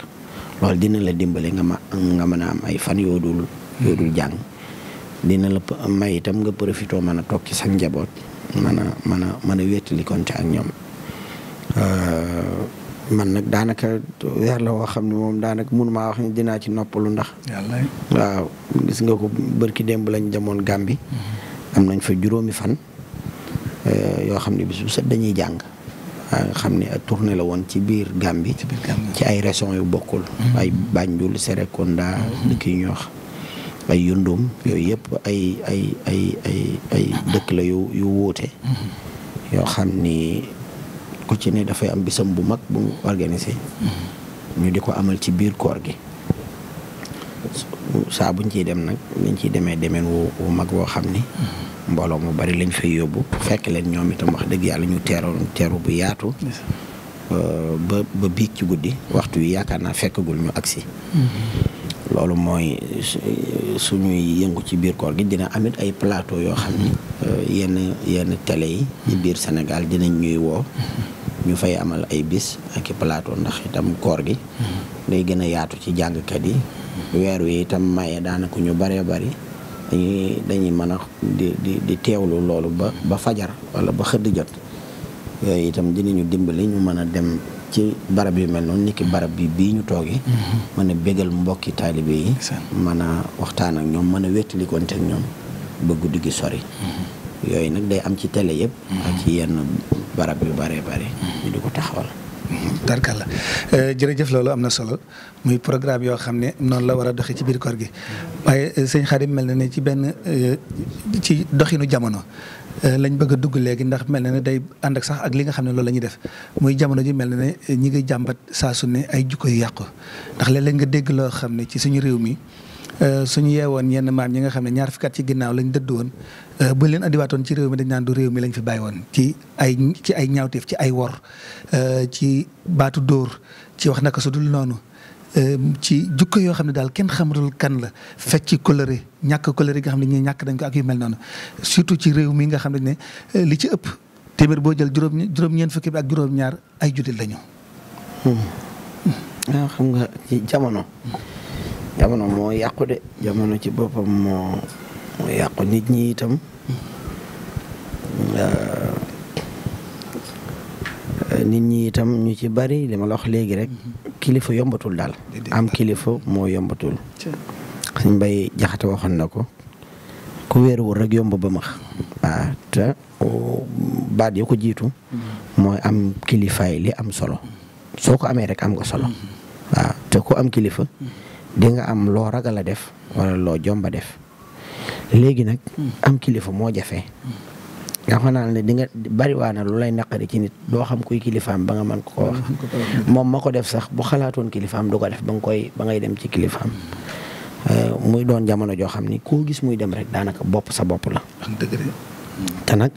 lol dina la dimbalé nga ma nga mëna am ay fan yoo dul yoo dul hmm. jàng dina la may tam nga profito mëna tok ci sa njabot mëna mëna mëna wétt li kon ci ak ñom euh man nak danaka wér la woo xamni mom danaka mënu mun wax ni dina ci noppalu ndax waaw gis nga ko barki demb lañ jamon gambi hmm. am nañ fa juroomi fan euh yo xamni bisu sa dañuy jang Ah, nga xam ne tournée la woon ci biir Gambie ci ay régions yu bokkul mm-hmm. ay Banjul Serekunda mm-hmm. dëkk yu ñu wax ay yundum yooyu yëpp ay ay ay ay ay dëkk la yu yu wuute mm-hmm. yoo xam ni ku ci ne dafay am bisam bu mag bu mu ñu di ko amal ci biir koor gi saa buñ ciy dem nag lañ ciy demee demeen wu mag woo xam ni mbooloo mu bari lañ fay yóbbu fekk leen ñoom itam wax dëgg yàlla ñu teeroon teeru bu yaatu euh, ba biig ci guddi waxtu wi yaakaar naa fekkagul ñu agsi mm-hmm. loolu mooy suñuy yëngu ci biir koor gi dina amit ay palaato yoo xam ni mm-hmm. euh, yenn yenn tele yi ci mm-hmm. biir Sénégal dinañ ñuy woo ñu fay amal ay bis ak i plateau ndax itam koor gi day gën a yaatu ci jàngkat yi weer wi itam maye daanaka ñu baree bari dañuy dañuy mën a di di teewlu loolu ba ba fajar wala ba xëdd jot yooyu itam dinañu dimbali ñu mën a dem ci barab yu mel noonu niki barab bi bii ñu toogee. Mm-hmm. mën a bégal mbokki taalibe yi. mën a waxtaan ak ñoom mën a wétalikonte ak ñoom ba guddi gi sori. Mm-hmm. yooyu nag day am ci télé yëpp. Mm-hmm. ak ci yenn barab yu baree bari. ñu di ko taxawal. tarkalla euh, jërëjëf loolu am na solo muy programme yoo xam ne noonu la war a doxee ci biir kor gi waaye euh, sëñ Xaadim mel na ne ci benn euh, ci doxinu jamono lañ bëgg a dugg léegi ndax mel na ne day ànd ak sax ak li nga xam ne loolu la def muy jamono ji mel na ne ñi ngi jàmbat saa su ne ay jukko yu yàqu ndax léeg-léeg nga dégg loo xam ne ci suñu réew mi. Euh, suñu yeewoon yenn maam ñi nga xam ne ñaar fukki ci ginnaaw lañu dëdd woon euh, bu leen andiwaatoon ci réew mi dañ naan du réew mi lañ fi bàyyi woon ci ay ci ay ñaawteef ci ay wor euh, ci baatu dóor ci wax naka su dul noonu ci jukko yoo xam ne daal kenn xamatul kan la fekk ci coloré ñàkk coloré nga xam ne ñii ñàkk dañ ko ak yu mel noonu surtout ci réew mi nga xam ne li ci ëpp téeméer boo jël juróom juróom-ñeent fukki bi ak juróom-ñaar ay jullit lañu. waaw hmm. hmm. ah, xam nga jamono. jamono moo yàqu de jamono ci boppam moo moo yàqu nit ñi itam euh, nit ñi itam ñu ci bari li léegi rek kilifa yombatul daal am kilifa moo yombatul suñ bay jaxate waxoon na ko ku wéeruwul rek yomb ba max waaw te baat ya ko jiitu mooy am kilifaay li am solo soo ko amee rek am nga solo mm-hmm. waaw te ku am kilifa mm-hmm. di nga am loo ragal a def wala loo jomba def léegi nag hmm. am kilifa moo jafe hmm. nga xanaa ne di nga bariwaa na lu lay naqari ci nit doo xam kuy kilifaam ba nga mën ko wax moom ma ko def sax bu xalaatoon kilifaam du ko def ba nga koy ba dem ci kilifaam hmm. euh, muy doon jamono joo xam ni koo gis muy dem rek daanaka bopp sa bopp la nag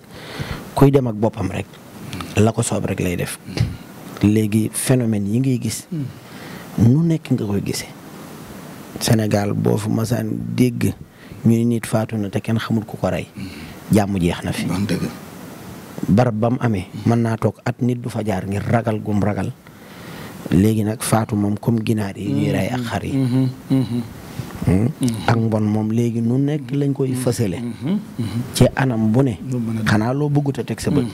kuy dem ak boppam rek la ko soob rek lay def léegi phénomène yi ngay gis nu nekk nga koy gisee Sénégal boo fi masaan dégg ñu nit faatu na te kenn xamul ku ko rey jàmm jeex na fi. barab ba mu amee. mën naa toog at nit du fa jaar ngir ragal gum ragal léegi nag faatu moom comme ginaar yi ñuy rey ak xar mm-hmm, mm-hmm, mm-hmm. Hmm? ak mbon moom léegi nu nekk lañ koy fësale ci anam bu ne loo buggut a teg sa bët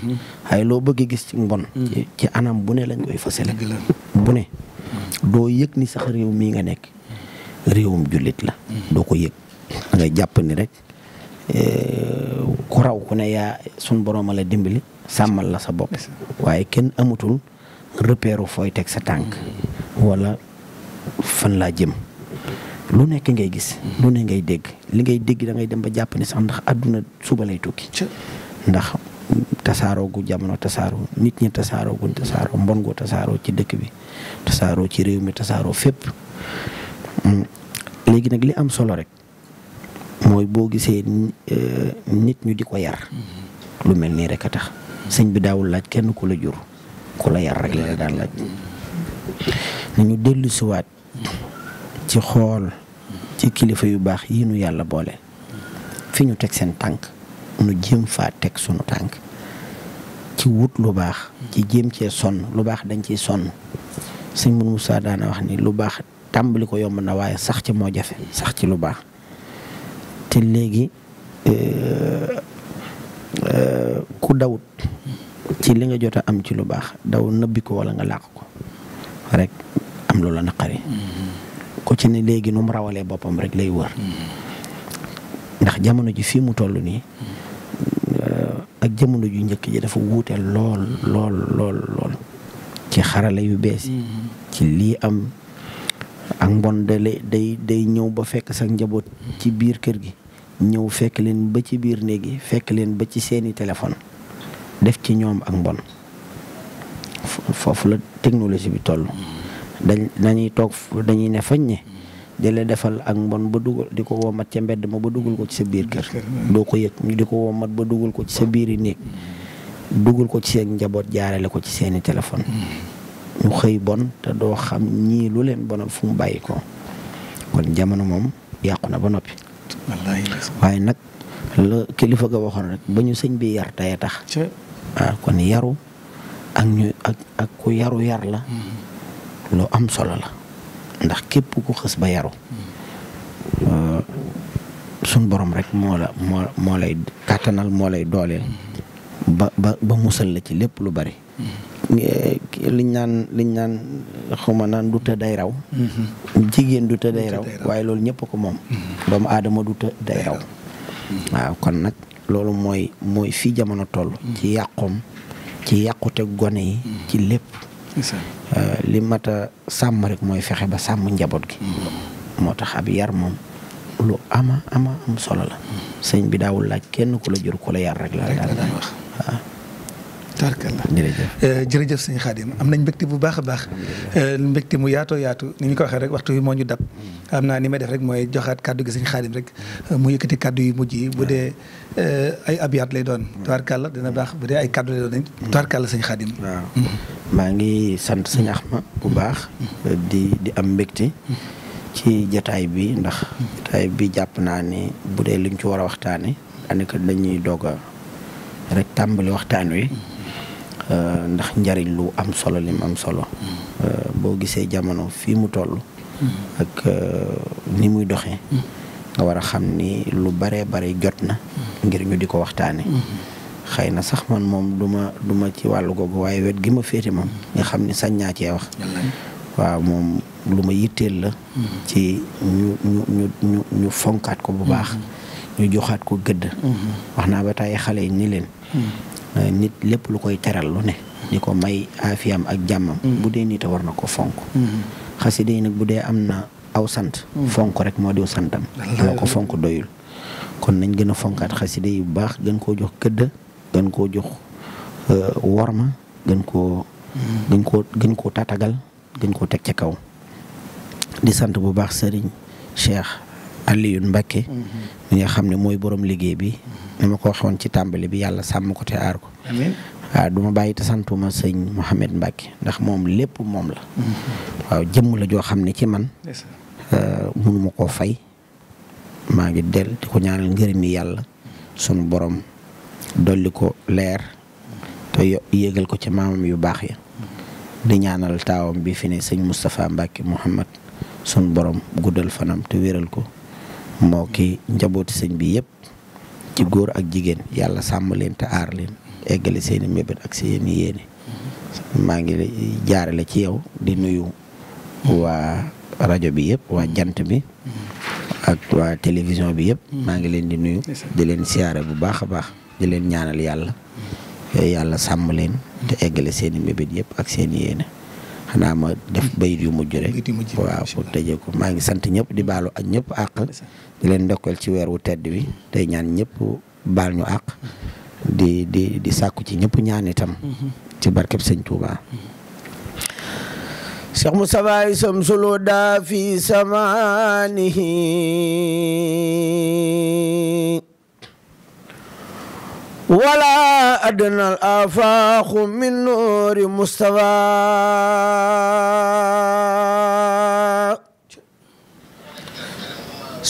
loo bëgg gis ci mbon ci anam bu ne lañ koy fësale bu ne doo yëg ni sax réew mii nga nekk réewum jullit la. doo ko yëg da ngay jàpp ni rek eh, ku raw ku ne yaa suñ borom a la dimbali sàmmal la sa bopp. waaye kenn amatul repéru fooy teg sa tànk. walla fan laa jëm. lu nekk ngay gis. lu ne ngay dégg li ngay dégg da ngay dem ba jàpp ni sax ndax àdduna suba lay tukki. ndax tasaaroo gu jamono tasaaroo nit ñi tasaaroo gu tasaaroo mbon gu tasaaroo ci dëkk bi tasaaroo ci réew mi tasaaroo fepp léegi nag li am solo rek mooy boo gisee euh, nit ñu di ko yar. Mm-hmm. lu mel nii rek a tax. Mm-hmm. sëñ bi daawul laaj kenn ku la jur ko la yar rek la daan laaj. Mm-hmm. nañu dellu siwaat ci xool ci kilifa yu baax yi nu yàlla boole. fi ñu teg seen tànk nu jëm faa teg sunu tànk. ci wut lu baax. ci jéem cee sonn lu baax dañ ciy sonn. sëñ saa daana wax ni lu baax. tàmbali ko yomb na waaye sax ci moo jafe sax ci lu baax te léegi euh, euh, ku dawut ci li nga jot a am ci lu baax daw nëbbi ko wala nga làq ko rek am loolu la naqari mm-hmm. ko ci ne léegi nu mu rawalee boppam rek lay wër mm-hmm. ndax jamono ji fii mu toll nii mm-hmm. euh, ak jamono ju njëkk ji dafa wuute lool lool lool lool ci xarala yu bees yi ci lii am ak mbon day day day ñëw ba fekk sa njaboot ci biir kër gi ñëw fekk leen ba ci biir néeg yi fekk leen ba ci seeni téléphone def ci ñoom ak mbon foofu la technologie bi toll dañ dañuy toog dañuy ne fañ ne di la defal ak mbon ba dugal di ko woomat ca mbedd ma ba dugal ko ci sa biir kër doo ko yëg di ko woomat ba dugal ko ci sa biir yi néeg dugal ko ci seen njaboot jaarale ko ci seeni téléphone ñu xëy bon te doo xam ñii lu leen bonal fu mu bàyyi ko kon jamono moom yàqu na ba noppi. waaye nag kilifa ga waxoon rek ba ñu sëñ bi yar tey tax. waaw ah, kon yaru ak ñu ak ku yaru yar la. Mm-hmm. lu am solo la. ndax képp ku xës ba yaru. Mm-hmm. Ah, suñ borom rek moo lay kàttanal moo lay dooleel. Mm-hmm. ba ba ba musal la ci lépp lu bari. Eh, liñ naan liñ naan xawma naan du të day raw. Mhm. jigéen du të raw waaye loolu ñëpp ko moom. Mhm. doomu aadama du të raw. waaw kon nag loolu mooy mooy fii jamono toll. Mhm. ci yàqoom ci yàqute gone yi. ci lépp. Euh, li mat a rek mooy fexe ba sàmm njaboot gi. moo tax ab yar moom lu ama ama am solo la. sëñ bi daawul laaj kenn ku la jur ku yar rek la daal wax waaw. tarkalla eh, jërëjëf sëñ Xaadim am nañ mbégte bu baax a baax eh, mbégte mu yaatoo yaatu ni ñu ko waxee rek waxtu bi moo ñu dab hmm. am naa ni may def rek mooy joxaat gi sëñ Xaadim rek mu yëkkati yu mujj bu hmm. dee eh, ay abiyaat lay doon hmm. tarkalla dina baax bu dee ay kàddu lay tarkalla sëñ Xaadim waaw maa ngi sant sëñ ma bu baax di di am mbégte ci jataay bi ndax jataay bi jàpp naa ni bu dee liñ ci war a waxtaane daanaka dañuy doog rek tàmbali waxtaan wi Euh, ndax njariñ lu am solo lim am solo euh, boo gisee jamono fii mu toll ak euh, ni muy doxee nga war a xam ni lu baree bare jot na ngir ñu di ko waxtaane xëy na sax man moom du ma du ma ci wàllu googu waaye wet gi ma féete moom nga xam ni sañ naa cee wax waaw moom lu ma yitteel la ci ñu ñu ñu ñu ñu fonkaat ko bu baax ñu joxaat ko gëdd wax naa ba tàyyi xale yi ni leen Euh, nit lépp lu koy teral lu ne di ko may aafiyam ak jàmmam mm-hmm. bu dee nit a war na ko fonk mm-hmm. xasida yi nag bu dee am na aw sant mm-hmm. fonk rek moo diw santam moo ko fonk doyul kon nañ gën a fonkaat xasida yi bu baax gën koo jox këdd gën koo jox euh, worma gën koo gën koo gën koo tatagal gën koo teg ca kaw di sant bu baax sëriñ Cheikh aliyun mbake ni mhm. nga xam ne borom bi ni mhm. ma ko waxoon ci bi yàlla sam ko te aar ko waaw du ma bàyyi te santuma sëñ Mouhamed Mbacké ndax mom lépp mom la mhm. waaw jëmm la jo xam ci man euh, mënuma koo fay maa del di ko ñaanal ngërëmi yàlla sun borom dolli ko leer te yegal ko ci mamam yu bax ya di ñaanal taawam bi fi ne sëñ Moustapha Muhammad sun borom guddal fanam te wéral ko moo ki njabooti sëñ bi yëpp ci góor ak jigéen yàlla sàmm leen te aar leen eggale seeni mébét ak seeni yéene maa ngi jaarale ci yow di nuyu waa rajo bi yëpp waa jant bi ak waa télévision bi yëpp maa ngi leen di nuyu di leen siyaare bu baax a baax di leen ñaanal yàlla yàlla sàmm leen te eggale seeni mébét yëpp ak seeni yéene xanaa ma def bayit yu mujj rek waaw pour tëjee ko maa ngi sant ñëpp di baalo ak ñëpp àq di leen ndokkeel ci weer wu tedd bi tey ñaan baal ñu àq di di ci ñëpp ñaan itam ci barkeb sëñ Touba Cheikh Moustapha Sam sulu fi samaanihi wala adna al min nuuri Moustapha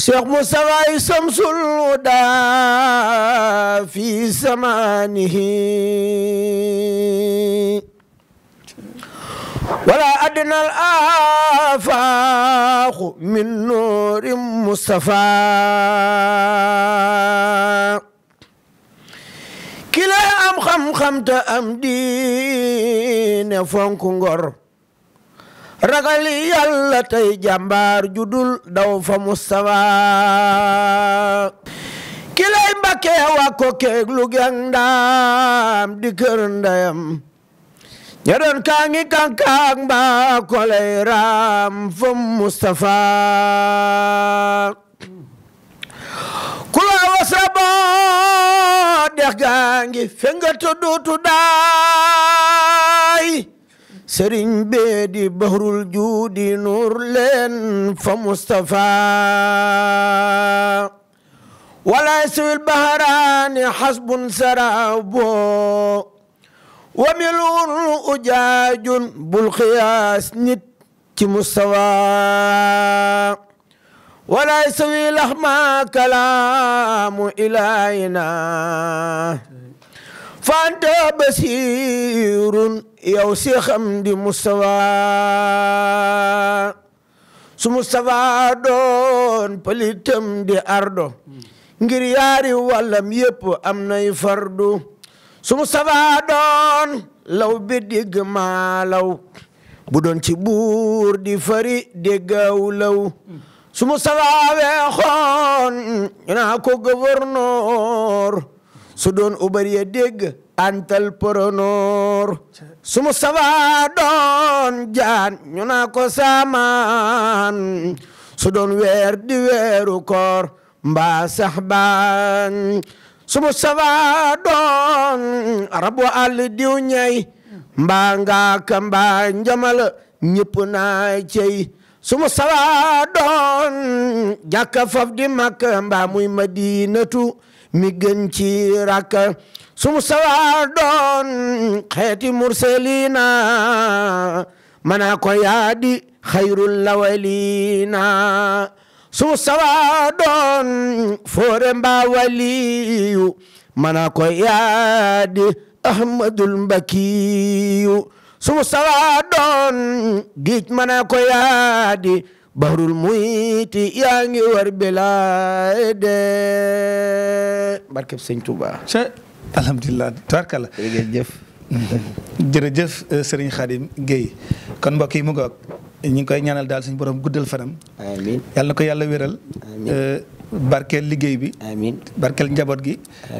Cheikh Moustapha yi samsul huda fi zamanihi wala adna al afaqu min nuri Moustapha kila am xam-xam te am diine fonk ngor ragal yàlla tey jàmbaar judul daw fa Mustafa kilay Mbàkke wa ko lu geng ndaam di kër ndeyam ña doon kaa koley raam fa Mustafa kula boo dex gaa ngi fe tu daay sëriñ bee di bahrul juudi nuur leen fa Mustafa wala siwil baharaani hasbun sarabo wa milun ujaajun bul nit ci Mustafa wala siwi laxma kalaamu ilaayina fa anta basirun yow Cheikh Amdi Moustapha su Moustapha doon pëlitam di ardo ngir yaari wàllam yépp am nay fardu su Moustapha doon law bi digg maalaw bu doon ci buur di fari déggaw law su Moustapha weexoon naa ko gouverneur su doon ubar ya dégg antal poronoor su Mustafa doon jaan ñu naa ko saamaan su doon weer di weeru koor mbaa sax baan su doon arab wa diw ñey mbaa ngaaka mbaa njamal ñëpp naa cey su Mustafa doon jàkka faf di Makka mbaa muy madinatu mi gën ci sumu sawa doon xeeti mursalina mana ko yaadi xayrul lawalina sumu sawa doon foore yaadi ahmadul mbakiyu sumu sawa doon yaadi bahrul muyti yaa ngi war bilaade barkeb Sëñ alhamdulilah tubaarkalla. jërëjëf. jërëjëf euh, sëriñ Khadim Guèye kon mbokk yi mu ngoog ñu ngi koy ñaanal daal suñu borom guddal fanam. amiin na ko yàlla wéral. barkeel liggéey bi. amiin barkeel njaboot gi.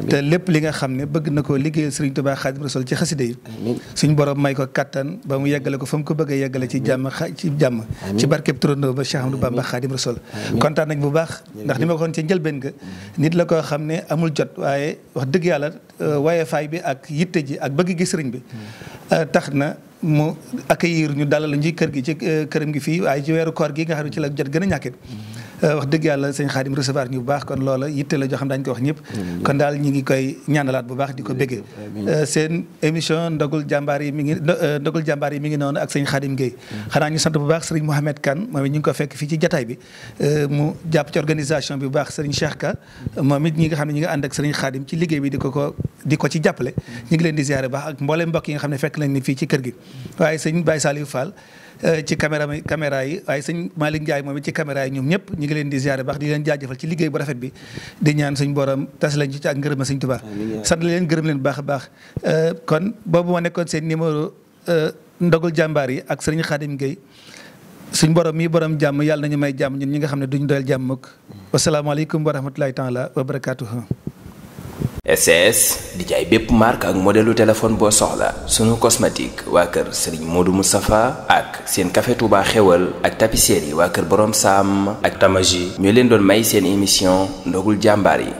te lépp li nga xam ne bëgg na koo liggéeyal Serigne Touba Xaadimu Rasuul ci xaside yi. suñu borom may ko kattan ba mu yeggale ko fa mu ko bëggee a yeggale ci jàmm ci jàmm. ci barkeeb turandoo ba Cheikh Amadou Bamba Xaadimu Rasuul. kontaan nañ bu baax. ndax ni ma ko waxoon ci nit la koo xam ne amul jot waaye wax dëgg yàlla euh, waaye faay bi ak yitte ji ak bëgg gi sëriñ bi hmm. euh, tax na. mu accueillir ñu dalal ñu kër gi ci euh, këram gi fii waaye ci weeru koor gi nga xam ne ci la jot gën a Euh, wax dëgg yàlla sëñ Xaadim recevoir ñu bu baax kon loola yitte la joo xam daañu ko wax ñëpp kon daal ñu ngi koy ñaanalaat bu baax di ko béggee euh, seen émission ndogul jàmbaar yi mi ngi euh, ndogul jàmbaar yi mi ngi noonu ak sëñ Xaadim Gueye xanaa ñu sant bu baax sëriñ Mouhamed Kane moom it ñu ngi ko fekk fii ci jataay bi mu jàpp ci organisation bi bu baax sëriñ Cheikh Ka moom it ñi nga xam ne ñi nga ànd ak sëriñ Xaadim ci liggéey bi di ko ko di ko ci jàppale ñu ngi leen di ziare baax ak mbooleem mbokk yi nga xam ne fekk nañ ni fii ci kër gi Euh, ci caméra caméra yi waaye suñ Malick Ndiaye moom it ci caméra yi ñoom ñëpp ñu ngi leen di ziare baax di leen jaajëfal ci liggéey bu rafet bi di ñaan suñ borom tas lañ ci ak ngërëm sëñ Tuubaa sant leen gërëm leen baax a baax euh, kon boobu moo nekkoon seen numéro euh, ndogul jàmbaar yi ak sëriñ Xaadim géey suñ borom mii borom jàmm yàlla nañu may jàmm ñun ñi nga xam ne duñ doyal jàmm ak wasalaamaaleykum wa rahmatulahi taala wa barakatuhu SCS di jaay bépp marque ak modèlu téléphone boo soxla sunu cosmétique waa kër Serigne Modou Moustapha ak seen café Touba xewal ak yi waa kër Borom Sam ak Tamaji ñoo leen doon may seen émission ndogul jàmbaar yi